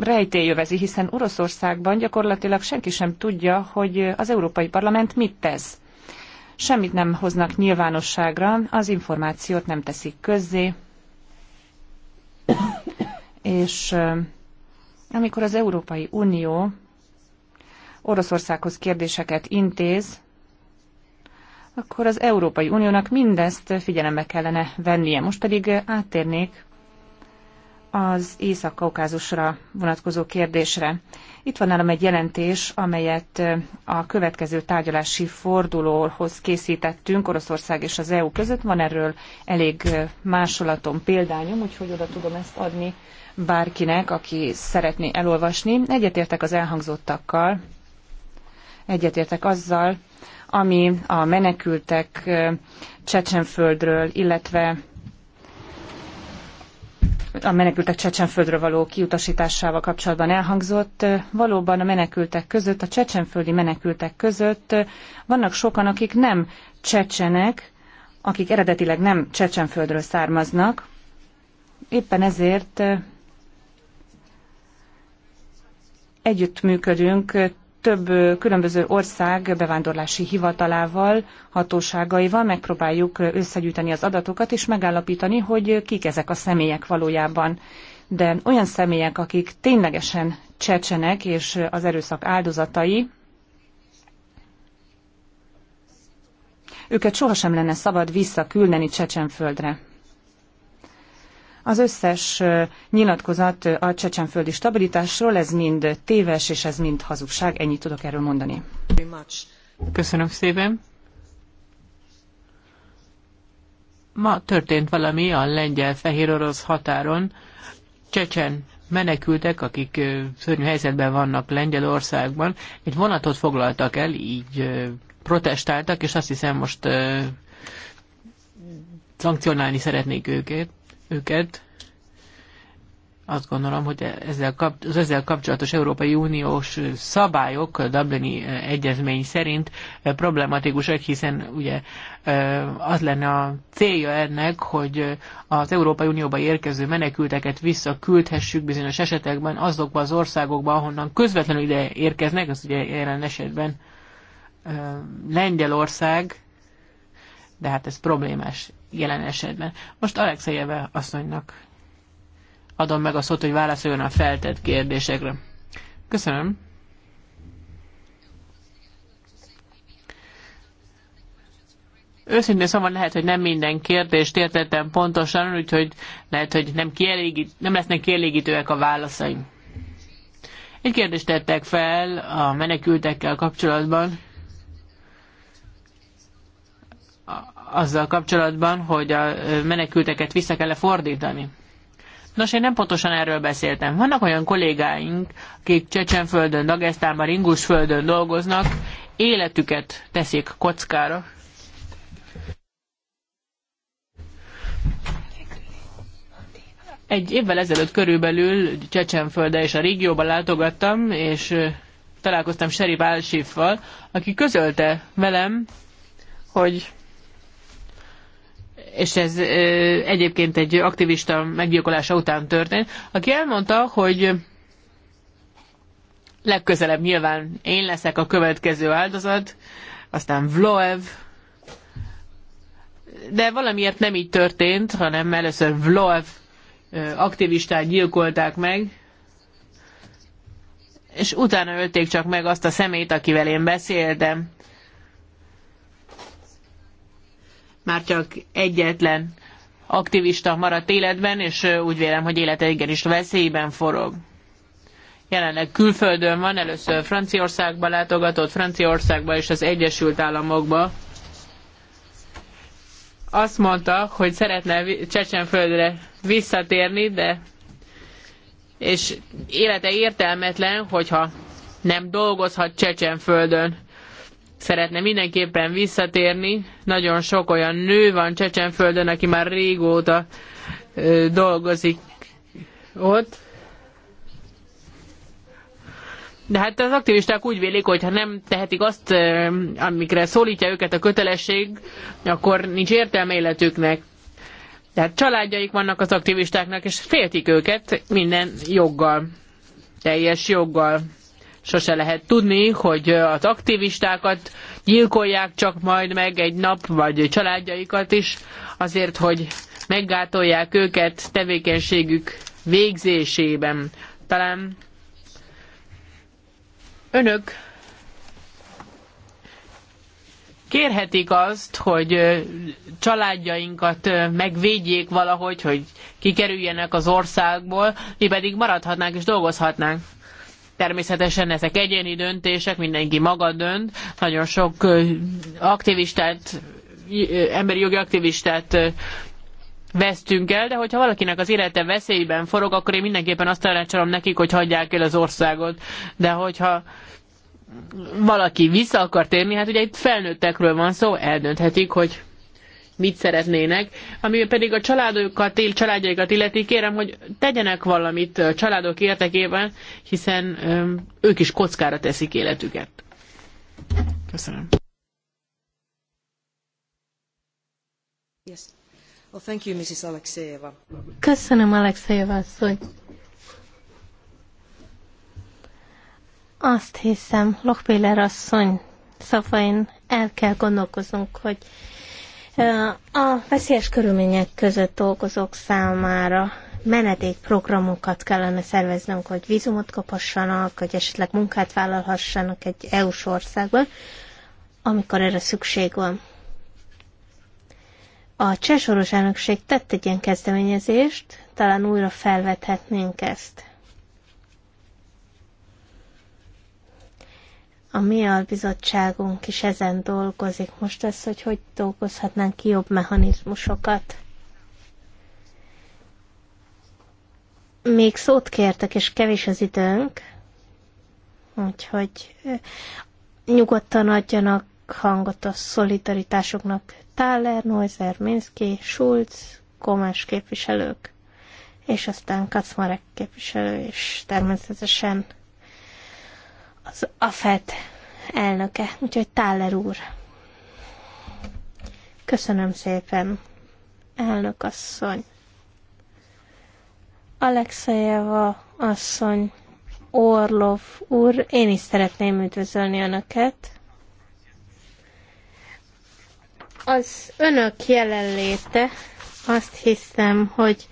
rejtélyövezi, hiszen Oroszországban gyakorlatilag senki sem tudja, hogy az Európai Parlament mit tesz. Semmit nem hoznak nyilvánosságra, az információt nem teszik közzé, és amikor az Európai Unió Oroszországhoz kérdéseket intéz, akkor az Európai Uniónak mindezt figyelembe kellene vennie. Most pedig áttérnék az Észak-Kaukázusra vonatkozó kérdésre. Itt van nálam egy jelentés, amelyet a következő tárgyalási fordulóhoz készítettünk Oroszország és az EU között. Van erről elég másolatom, példányom, úgyhogy oda tudom ezt adni bárkinek, aki szeretné elolvasni. Egyetértek az elhangzottakkal, egyetértek azzal, ami a menekültek Csecsenföldről, illetve a menekültek Csecsenföldről való kiutasításával kapcsolatban elhangzott. Valóban a menekültek között, a csecsenföldi menekültek között vannak sokan, akik nem csecsenek, akik eredetileg nem Csecsenföldről származnak. Éppen ezért együttműködünk több különböző ország bevándorlási hivatalával, hatóságaival megpróbáljuk összegyűjteni az adatokat és megállapítani, hogy kik ezek a személyek valójában. De olyan személyek, akik ténylegesen csecsenek és az erőszak áldozatai, őket sohasem lenne szabad visszaküldeni Csecsenföldre. Az összes nyilatkozat a csecsenföldi stabilitásról, ez mind téves, és ez mind hazugság, ennyit tudok erről mondani. Köszönöm szépen. Ma történt valami a lengyel-fehér-orosz határon. Csecsen menekültek, akik szörnyű helyzetben vannak Lengyelországban, egy vonatot foglaltak el, így protestáltak, és azt hiszem most szankcionálni szeretnék őket őket. Azt gondolom, hogy ezzel kap, az ezzel kapcsolatos Európai Uniós szabályok a Dublini Egyezmény szerint problematikusak, hiszen ugye az lenne a célja ennek, hogy az Európai Unióba érkező menekülteket visszaküldhessük bizonyos esetekben azokba az országokba, ahonnan közvetlenül ide érkeznek, az ugye jelen esetben Lengyelország, de hát ez problémás jelen esetben. Most Alexejeve asszonynak adom meg a szót, hogy válaszoljon a feltett kérdésekre. Köszönöm. Őszintén szóval lehet, hogy nem minden kérdést értettem pontosan, úgyhogy lehet, hogy nem, kielégít, nem lesznek kielégítőek a válaszaim. Egy kérdést tettek fel a menekültekkel kapcsolatban. azzal kapcsolatban, hogy a menekülteket vissza kell -e fordítani. Nos, én nem pontosan erről beszéltem. Vannak olyan kollégáink, akik Csecsenföldön, Dagestánban, Ingusföldön dolgoznak, életüket teszik kockára. Egy évvel ezelőtt körülbelül Csecsenfölde és a régióban látogattam, és találkoztam Sheri Álsiffal, aki közölte velem, hogy és ez egyébként egy aktivista meggyilkolása után történt, aki elmondta, hogy legközelebb nyilván én leszek a következő áldozat, aztán Vloev, de valamiért nem így történt, hanem először Vloev aktivistát gyilkolták meg, és utána ölték csak meg azt a szemét, akivel én beszéltem. már csak egyetlen aktivista maradt életben, és úgy vélem, hogy élete igenis veszélyben forog. Jelenleg külföldön van, először Franciaországba látogatott, Franciaországba és az Egyesült Államokba. Azt mondta, hogy szeretne Csecsenföldre visszatérni, de és élete értelmetlen, hogyha nem dolgozhat Csecsenföldön szeretne mindenképpen visszatérni. Nagyon sok olyan nő van Csecsenföldön, aki már régóta dolgozik ott. De hát az aktivisták úgy vélik, hogy ha nem tehetik azt, amikre szólítja őket a kötelesség, akkor nincs értelme életüknek. Tehát családjaik vannak az aktivistáknak, és féltik őket minden joggal. Teljes joggal sose lehet tudni, hogy az aktivistákat gyilkolják csak majd meg egy nap, vagy családjaikat is, azért, hogy meggátolják őket tevékenységük végzésében. Talán önök kérhetik azt, hogy családjainkat megvédjék valahogy, hogy kikerüljenek az országból, mi pedig maradhatnánk és dolgozhatnánk. Természetesen ezek egyéni döntések, mindenki maga dönt. Nagyon sok aktivistát, emberi jogi aktivistát vesztünk el, de hogyha valakinek az élete veszélyben forog, akkor én mindenképpen azt tanácsolom nekik, hogy hagyják el az országot. De hogyha valaki vissza akar térni, hát ugye itt felnőttekről van szó, eldönthetik, hogy mit szeretnének. Ami pedig a családokat, családjaikat illeti, kérem, hogy tegyenek valamit a családok érdekében, hiszen ők is kockára teszik életüket. Köszönöm. Yes. Well, thank you, Mrs. Alexeyeva. Köszönöm, Alexeyeva asszony. Azt hiszem, Lochbéler asszony szavain el kell gondolkoznunk, hogy a veszélyes körülmények között dolgozók számára menedékprogramokat kellene szerveznünk, hogy vízumot kaphassanak, hogy esetleg munkát vállalhassanak egy EU-s országban, amikor erre szükség van. A Csehsoros elnökség tett egy ilyen kezdeményezést, talán újra felvethetnénk ezt. a mi albizottságunk is ezen dolgozik. Most ez, hogy hogy dolgozhatnánk ki jobb mechanizmusokat. Még szót kértek, és kevés az időnk, úgyhogy nyugodtan adjanak hangot a szolidaritásoknak. Táler, Neuser, Minsky, Schulz, Komás képviselők, és aztán Kacmarek képviselő, és természetesen az AFET elnöke, úgyhogy Táller úr. Köszönöm szépen, elnök asszony. Alexejeva asszony, Orlov úr, én is szeretném üdvözölni Önöket. Az Önök jelenléte azt hiszem, hogy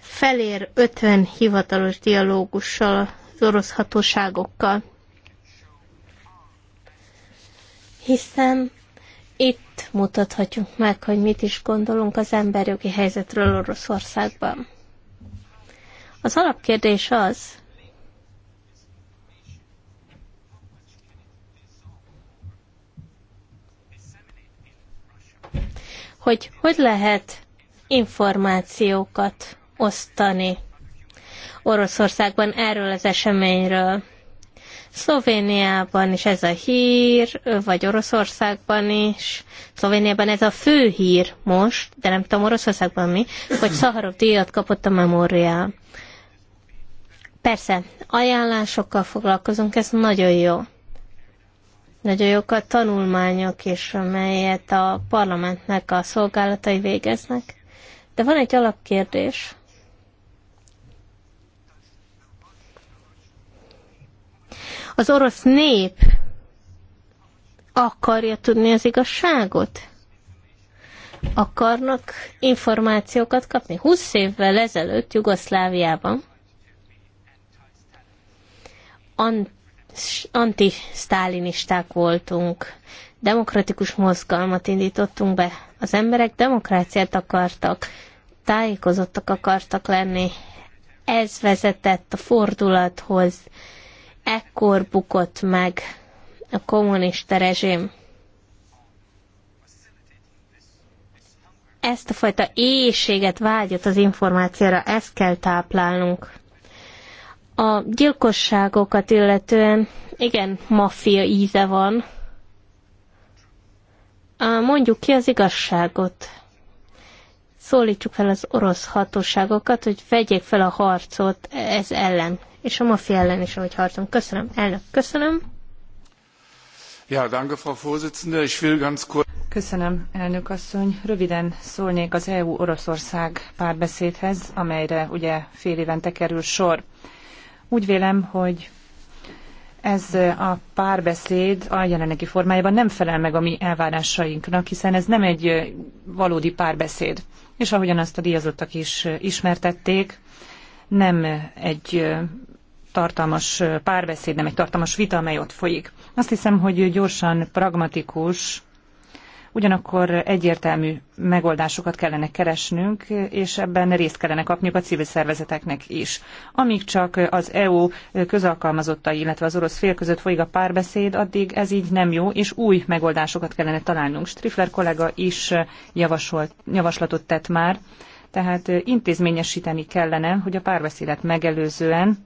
felér 50 hivatalos dialógussal az orosz hatóságokkal. hiszen itt mutathatjuk meg, hogy mit is gondolunk az emberjogi helyzetről Oroszországban. Az alapkérdés az, hogy hogy lehet információkat osztani Oroszországban erről az eseményről. Szlovéniában is ez a hír, vagy Oroszországban is. Szlovéniában ez a fő hír most, de nem tudom Oroszországban mi, hogy Szaharov díjat kapott a memóriál. Persze, ajánlásokkal foglalkozunk, ez nagyon jó. Nagyon jók a tanulmányok is, amelyet a parlamentnek a szolgálatai végeznek. De van egy alapkérdés. Az orosz nép akarja tudni az igazságot? Akarnak információkat kapni? 20 évvel ezelőtt Jugoszláviában anti anti-sztálinisták voltunk, demokratikus mozgalmat indítottunk be. Az emberek demokráciát akartak, tájékozottak akartak lenni. Ez vezetett a fordulathoz ekkor bukott meg a kommunista rezsim. Ezt a fajta éjséget, vágyott az információra, ezt kell táplálnunk. A gyilkosságokat illetően igen, maffia íze van. Mondjuk ki az igazságot. Szólítsuk fel az orosz hatóságokat, hogy vegyék fel a harcot ez ellen és a mafia ellen is, ahogy harcolunk. Köszönöm, elnök, köszönöm. Ja, danke, Frau Vorsitzende. Ich will ganz kurz... Köszönöm, elnök asszony. Röviden szólnék az EU-Oroszország párbeszédhez, amelyre ugye fél évente kerül sor. Úgy vélem, hogy ez a párbeszéd a jelenlegi formájában nem felel meg a mi elvárásainknak, hiszen ez nem egy valódi párbeszéd. És ahogyan azt a díjazottak is ismertették, nem egy tartalmas párbeszéd, nem egy tartalmas vita, amely ott folyik. Azt hiszem, hogy gyorsan, pragmatikus, ugyanakkor egyértelmű megoldásokat kellene keresnünk, és ebben részt kellene kapniuk a civil szervezeteknek is. Amíg csak az EU közalkalmazottai, illetve az orosz fél között folyik a párbeszéd, addig ez így nem jó, és új megoldásokat kellene találnunk. Strifler kollega is javasolt, javaslatot tett már, tehát intézményesíteni kellene, hogy a párbeszédet megelőzően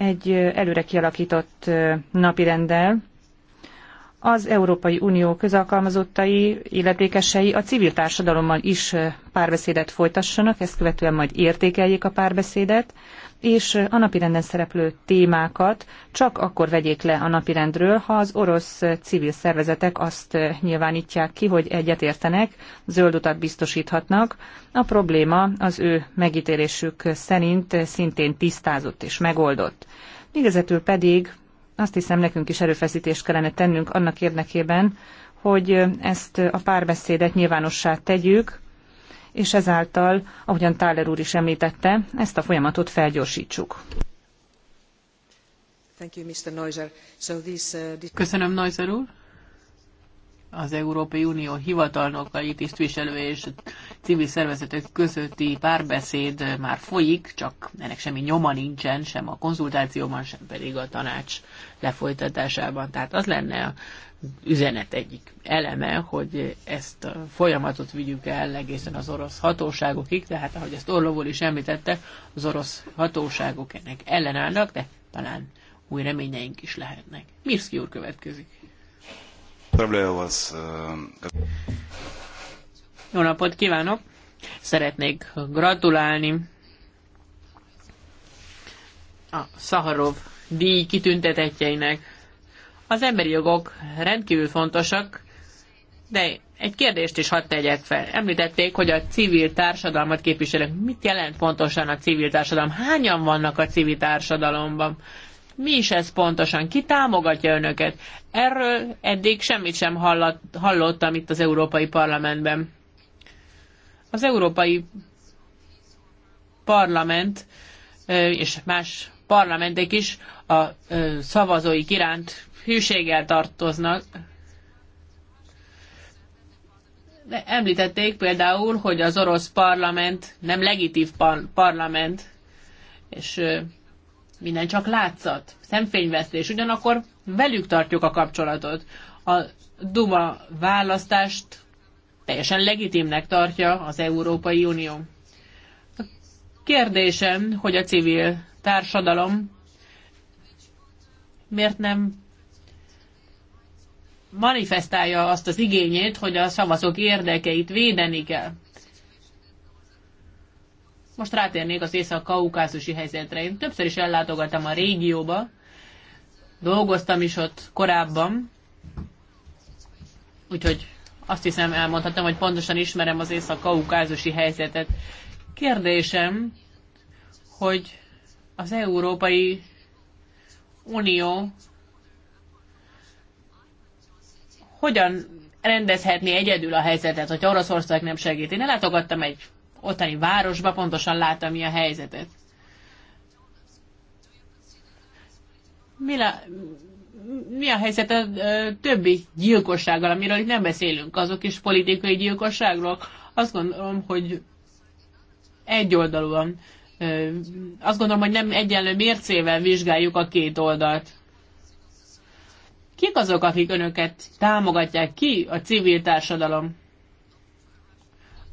egy előre kialakított napirenddel. Az Európai Unió közalkalmazottai, illetékesei a civil társadalommal is párbeszédet folytassanak, ezt követően majd értékeljék a párbeszédet, és a napirenden szereplő témákat csak akkor vegyék le a napirendről, ha az orosz civil szervezetek azt nyilvánítják ki, hogy egyetértenek, zöld utat biztosíthatnak. A probléma az ő megítélésük szerint szintén tisztázott és megoldott. Végezetül pedig azt hiszem nekünk is erőfeszítést kellene tennünk annak érdekében, hogy ezt a párbeszédet nyilvánossá tegyük, és ezáltal, ahogyan Táler úr is említette, ezt a folyamatot felgyorsítsuk. Uh, Köszönöm, Neuser úr az Európai Unió hivatalnokai, tisztviselő és civil szervezetek közötti párbeszéd már folyik, csak ennek semmi nyoma nincsen, sem a konzultációban, sem pedig a tanács lefolytatásában. Tehát az lenne a üzenet egyik eleme, hogy ezt a folyamatot vigyük el egészen az orosz hatóságokig, tehát ahogy ezt Orlovól is említette, az orosz hatóságok ennek ellenállnak, de talán új reményeink is lehetnek. Mirszki úr következik. Э, Jó napot kívánok! Szeretnék gratulálni a Szaharov díj kitüntetetjeinek. Az emberi jogok rendkívül fontosak, de egy kérdést is hadd tegyek fel. Említették, hogy a civil társadalmat képviselők Mit jelent pontosan a civil társadalom? Hányan vannak a civil társadalomban? Mi is ez pontosan? Ki támogatja önöket? Erről eddig semmit sem hallott, hallottam itt az Európai Parlamentben. Az Európai Parlament és más parlamentek is a szavazói iránt hűséggel tartoznak. De említették például, hogy az orosz parlament nem legitív par- parlament, és minden csak látszat, szemfényvesztés, ugyanakkor velük tartjuk a kapcsolatot. A Duma választást teljesen legitimnek tartja az Európai Unió. A kérdésem, hogy a civil társadalom miért nem manifestálja azt az igényét, hogy a szavazók érdekeit védeni kell. Most rátérnék az észak-kaukázusi helyzetre. Én többször is ellátogattam a régióba, dolgoztam is ott korábban, úgyhogy azt hiszem elmondhatom, hogy pontosan ismerem az észak-kaukázusi helyzetet. Kérdésem, hogy az Európai Unió hogyan rendezhetné egyedül a helyzetet, hogy Oroszország nem segít. Én ellátogattam egy ottani városba, pontosan látta mi a helyzetet. Mi, a, mi a helyzet a többi gyilkossággal, amiről itt nem beszélünk, azok is politikai gyilkosságról? Azt gondolom, hogy egyoldalúan. Azt gondolom, hogy nem egyenlő mércével vizsgáljuk a két oldalt. Kik azok, akik önöket támogatják? Ki a civil társadalom?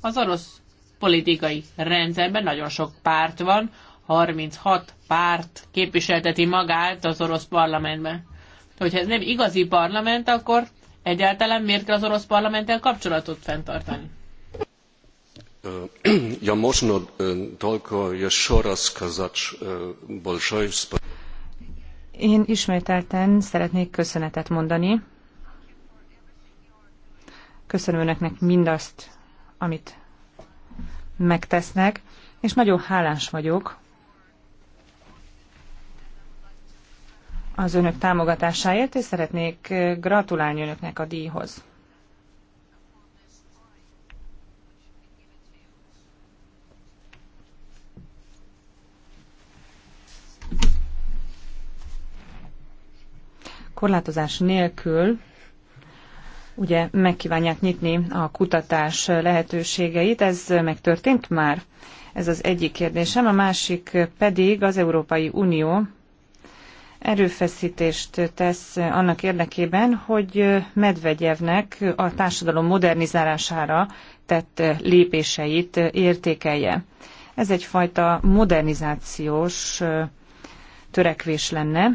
Az orosz politikai rendszerben nagyon sok párt van, 36 párt képviselteti magát az orosz parlamentben. Hogyha ez nem igazi parlament, akkor egyáltalán miért kell az orosz parlamenttel kapcsolatot fenntartani? Ja možno toľko jeszcze raz kazać bolszoj Én ismételten szeretnék köszönetet mondani. Köszönöm önöknek mindazt, amit megtesznek, és nagyon hálás vagyok az önök támogatásáért, és szeretnék gratulálni önöknek a díjhoz. Korlátozás nélkül ugye megkívánják nyitni a kutatás lehetőségeit. Ez megtörtént már? Ez az egyik kérdésem. A másik pedig az Európai Unió erőfeszítést tesz annak érdekében, hogy Medvegyevnek a társadalom modernizálására tett lépéseit értékelje. Ez egyfajta modernizációs törekvés lenne,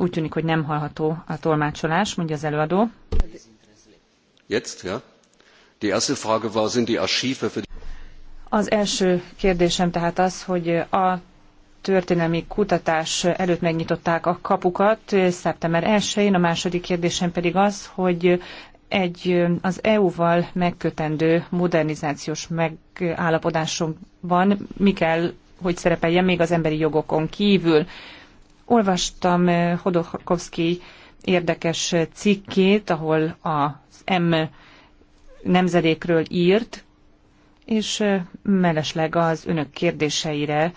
úgy tűnik, hogy nem hallható a tolmácsolás, mondja az előadó. Jetzt, ja. Die erste Frage war, sind die Archive für az első kérdésem tehát az, hogy a történelmi kutatás előtt megnyitották a kapukat szeptember 1-én, a második kérdésem pedig az, hogy egy az EU-val megkötendő modernizációs van, mi kell, hogy szerepeljen még az emberi jogokon kívül. Olvastam eh, Hodorkovszki érdekes cikkét, ahol az M nemzedékről írt, és eh, mellesleg az önök kérdéseire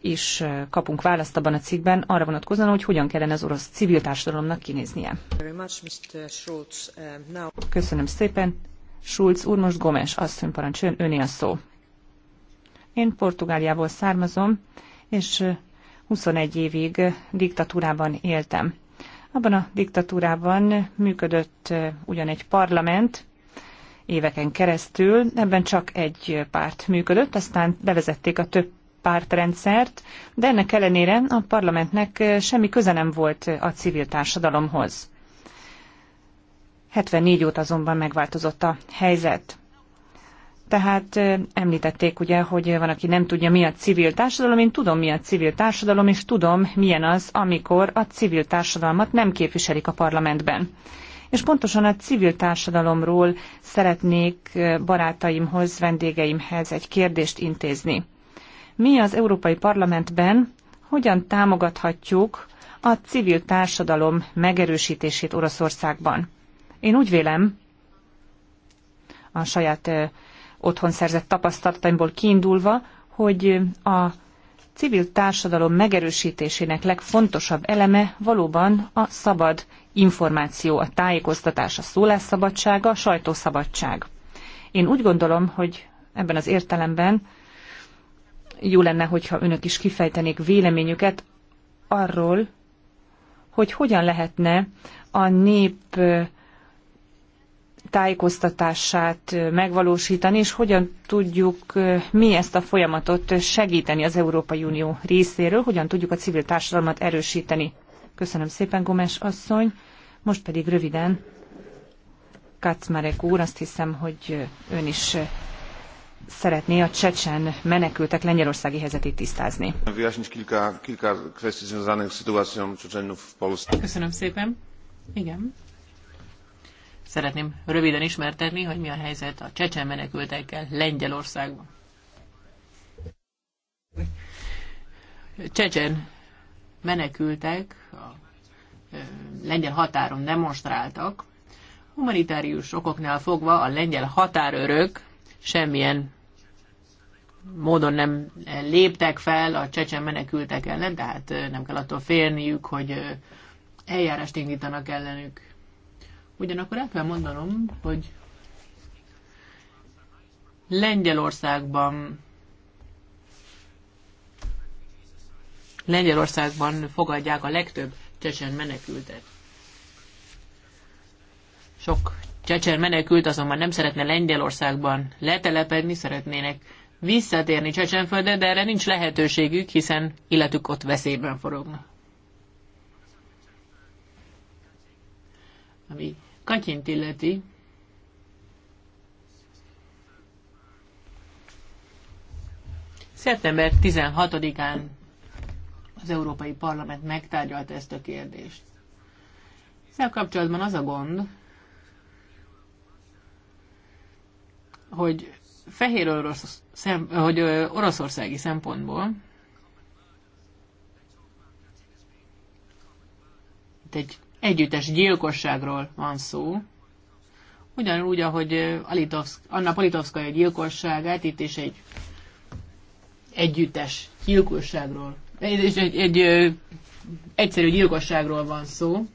is eh, kapunk választ abban a cikkben arra vonatkozóan, hogy hogyan kellene az orosz civil társadalomnak kinéznie. Köszönöm szépen. Schulz úr, most Gomes asszony parancsön, öné a szó. Én Portugáliából származom, és 21 évig diktatúrában éltem. Abban a diktatúrában működött ugyan egy parlament, éveken keresztül, ebben csak egy párt működött, aztán bevezették a több pártrendszert, de ennek ellenére a parlamentnek semmi köze nem volt a civil társadalomhoz. 74 óta azonban megváltozott a helyzet. Tehát említették ugye, hogy van, aki nem tudja, mi a civil társadalom. Én tudom, mi a civil társadalom, és tudom, milyen az, amikor a civil társadalmat nem képviselik a parlamentben. És pontosan a civil társadalomról szeretnék barátaimhoz, vendégeimhez egy kérdést intézni. Mi az Európai Parlamentben hogyan támogathatjuk a civil társadalom megerősítését Oroszországban? Én úgy vélem, a saját otthon szerzett tapasztalataimból kiindulva, hogy a civil társadalom megerősítésének legfontosabb eleme valóban a szabad információ, a tájékoztatás, a szólásszabadság, a sajtószabadság. Én úgy gondolom, hogy ebben az értelemben jó lenne, hogyha önök is kifejtenék véleményüket arról, hogy hogyan lehetne a nép tájékoztatását megvalósítani, és hogyan tudjuk mi ezt a folyamatot segíteni az Európai Unió részéről, hogyan tudjuk a civil társadalmat erősíteni. Köszönöm szépen, Gomes asszony. Most pedig röviden Kacmarek úr, azt hiszem, hogy ön is szeretné a csecsen menekültek lengyelországi helyzetét tisztázni. Köszönöm szépen. Igen. Szeretném röviden ismertetni, hogy mi a helyzet a csecsen menekültekkel Lengyelországban. Csecsen menekültek a lengyel határon demonstráltak. Humanitárius okoknál fogva a lengyel határőrök semmilyen módon nem léptek fel a csecsen menekültek ellen, tehát nem kell attól félniük, hogy eljárást indítanak ellenük. Ugyanakkor el kell mondanom, hogy Lengyelországban Lengyelországban fogadják a legtöbb csecsen menekültet. Sok csecsen menekült azonban nem szeretne Lengyelországban letelepedni, szeretnének visszatérni Csecsenföldre, de erre nincs lehetőségük, hiszen illetük ott veszélyben forognak. Ami Katyint illeti, szeptember 16-án az Európai Parlament megtárgyalta ezt a kérdést. Ezzel kapcsolatban az a gond, hogy fehér orosz, szem, hogy oroszországi szempontból itt egy együttes gyilkosságról van szó, ugyanúgy, ahogy Alitovsk, Anna Politovszkaja gyilkosságát, itt is egy együttes gyilkosságról, egy, egy, egy egyszerű gyilkosságról van szó,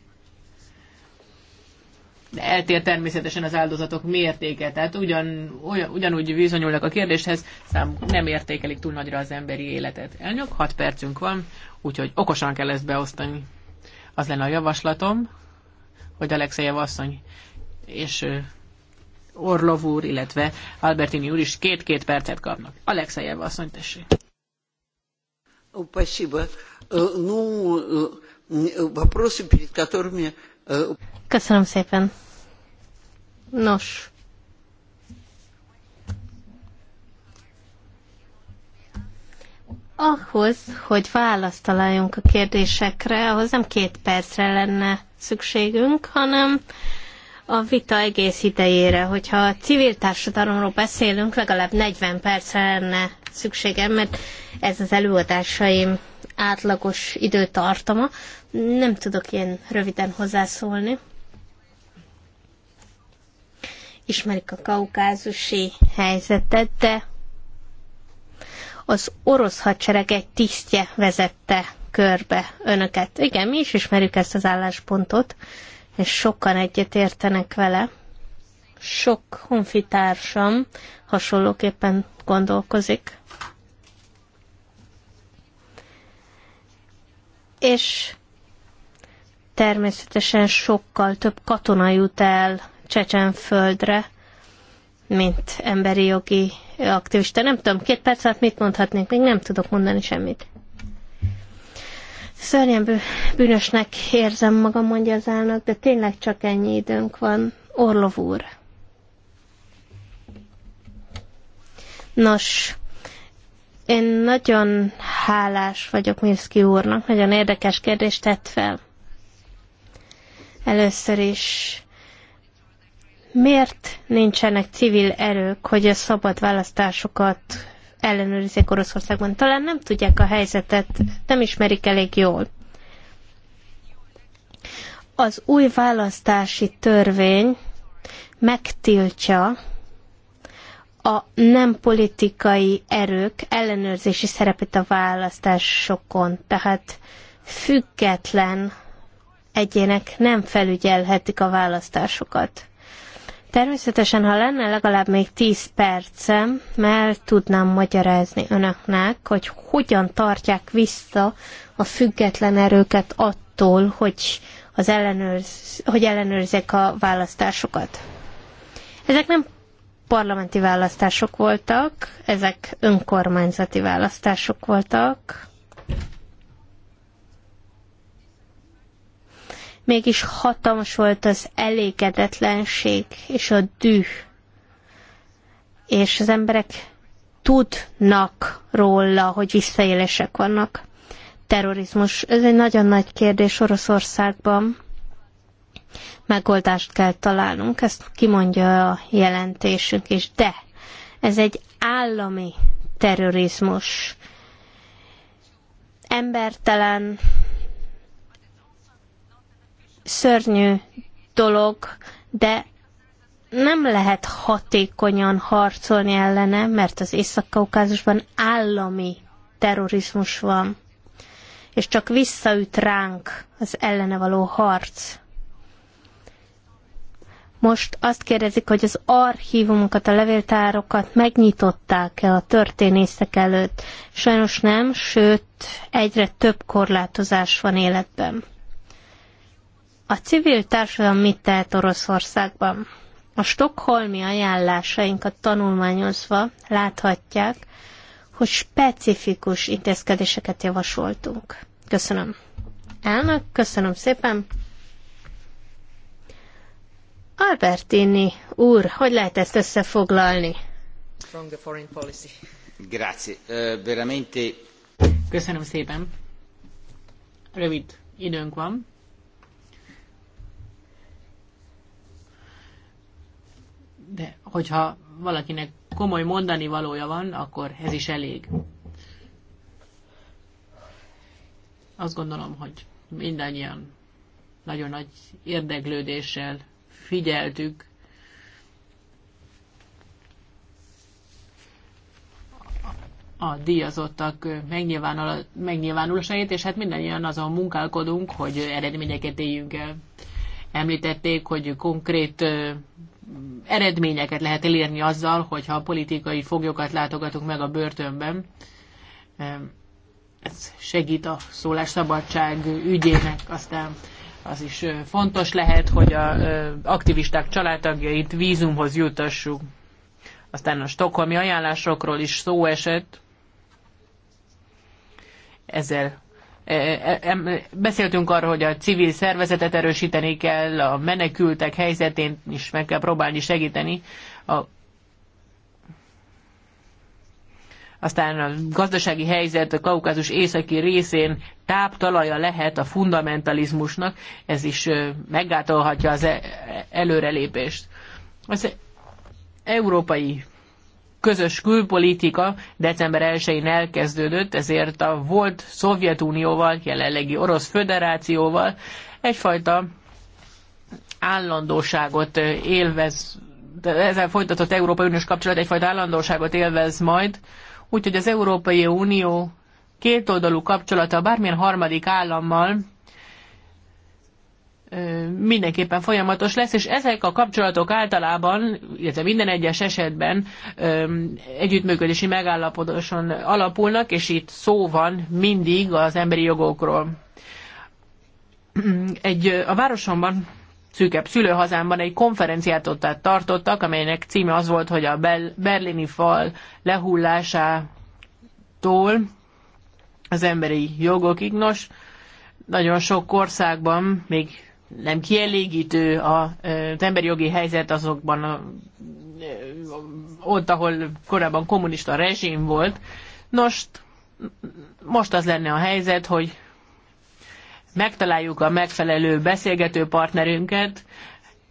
de eltér természetesen az áldozatok mértéke, tehát ugyan, olyan, ugyanúgy viszonyulnak a kérdéshez, szám nem értékelik túl nagyra az emberi életet. Elnök, 6 percünk van, úgyhogy okosan kell ezt beosztani. Az lenne a javaslatom, hogy Alexejev asszony és Orlov úr, illetve Albertini úr is két-két percet kapnak. Alexejev asszony, tessék. Э, э, э, Köszönöm szépen. Nos, Ahhoz, hogy választ találjunk a kérdésekre, ahhoz nem két percre lenne szükségünk, hanem a vita egész idejére. Hogyha a civil társadalomról beszélünk, legalább 40 percre lenne szükségem, mert ez az előadásaim átlagos időtartama. Nem tudok ilyen röviden hozzászólni. Ismerik a kaukázusi helyzetet, de az orosz hadsereg egy tisztje vezette körbe önöket. Igen, mi is ismerjük ezt az álláspontot, és sokan egyet értenek vele. Sok honfitársam hasonlóképpen gondolkozik. És természetesen sokkal több katona jut el Csecsenföldre, mint emberi jogi aktivista. Nem tudom, két perc alatt mit mondhatnék, még nem tudok mondani semmit. Szörnyen bűnösnek érzem magam, mondja az állnak, de tényleg csak ennyi időnk van. Orlov úr. Nos, én nagyon hálás vagyok Mirszki úrnak, nagyon érdekes kérdést tett fel. Először is Miért nincsenek civil erők, hogy a szabad választásokat ellenőrizzék Oroszországban? Talán nem tudják a helyzetet, nem ismerik elég jól. Az új választási törvény megtiltja a nem politikai erők ellenőrzési szerepét a választásokon, tehát független egyének nem felügyelhetik a választásokat. Természetesen, ha lenne legalább még 10 percem, mert tudnám magyarázni önöknek, hogy hogyan tartják vissza a független erőket attól, hogy, az ellenőrz, hogy ellenőrzik a választásokat. Ezek nem parlamenti választások voltak, ezek önkormányzati választások voltak. mégis hatalmas volt az elégedetlenség és a düh. És az emberek tudnak róla, hogy visszaélések vannak. Terrorizmus. Ez egy nagyon nagy kérdés Oroszországban. Megoldást kell találnunk, ezt kimondja a jelentésünk is, de ez egy állami terrorizmus. Embertelen, szörnyű dolog, de nem lehet hatékonyan harcolni ellene, mert az Észak-Kaukázusban állami terrorizmus van, és csak visszaüt ránk az ellene való harc. Most azt kérdezik, hogy az archívumokat, a levéltárokat megnyitották-e a történészek előtt. Sajnos nem, sőt, egyre több korlátozás van életben. A civil társadalom mit tehet Oroszországban? A stokholmi ajánlásainkat tanulmányozva láthatják, hogy specifikus intézkedéseket javasoltunk. Köszönöm. Elnök, köszönöm szépen. Albertini úr, hogy lehet ezt összefoglalni? Grazie. Uh, veramente... Köszönöm szépen. Rövid időnk van. de hogyha valakinek komoly mondani valója van, akkor ez is elég. Azt gondolom, hogy mindannyian nagyon nagy érdeklődéssel figyeltük a díjazottak megnyilvánulásait, és hát mindannyian azon munkálkodunk, hogy eredményeket éljünk el. Említették, hogy konkrét eredményeket lehet elérni azzal, hogyha a politikai foglyokat látogatunk meg a börtönben. Ez segít a szólásszabadság ügyének, aztán az is fontos lehet, hogy a aktivisták családtagjait vízumhoz jutassuk. Aztán a stokholmi ajánlásokról is szó esett. Ezzel E, e, beszéltünk arról, hogy a civil szervezetet erősíteni kell, a menekültek helyzetén is meg kell próbálni segíteni. A aztán a gazdasági helyzet a Kaukázus északi részén táptalaja lehet a fundamentalizmusnak, ez is meggátolhatja az e- előrelépést. Az európai közös külpolitika december 1-én elkezdődött, ezért a volt Szovjetunióval, jelenlegi Orosz Föderációval egyfajta állandóságot élvez, ezzel folytatott Európai Uniós kapcsolat egyfajta állandóságot élvez majd, úgyhogy az Európai Unió kétoldalú kapcsolata bármilyen harmadik állammal mindenképpen folyamatos lesz, és ezek a kapcsolatok általában, illetve minden egyes esetben együttműködési megállapodáson alapulnak, és itt szó van mindig az emberi jogokról. Egy, a városomban szűkebb szülőhazámban egy konferenciát ott tartottak, amelynek címe az volt, hogy a berlini fal lehullásától az emberi jogokig. Nos, nagyon sok országban még nem kielégítő a, az emberi jogi helyzet azokban a, ott, ahol korábban kommunista rezsim volt. Nos, most az lenne a helyzet, hogy megtaláljuk a megfelelő beszélgető partnerünket,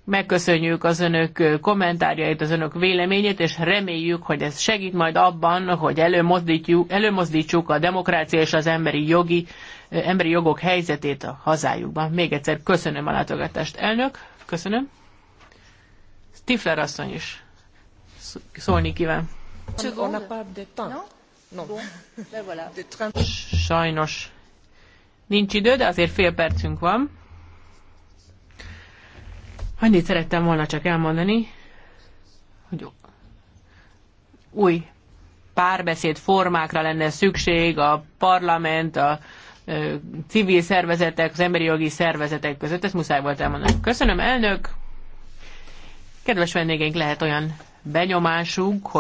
megköszönjük az önök kommentárjait, az önök véleményét, és reméljük, hogy ez segít majd abban, hogy előmozdítsuk, előmozdítsuk a demokrácia és az emberi jogi emberi jogok helyzetét a hazájukban. Még egyszer köszönöm a látogatást, elnök. Köszönöm. Stifler asszony is szólni kíván. Sajnos nincs idő, de azért fél percünk van. Annyit szerettem volna csak elmondani, hogy új párbeszéd formákra lenne szükség a parlament, a civil szervezetek, az emberi jogi szervezetek között. Ezt muszáj volt elmondani. Köszönöm, elnök! Kedves vendégeink, lehet olyan benyomásunk, hogy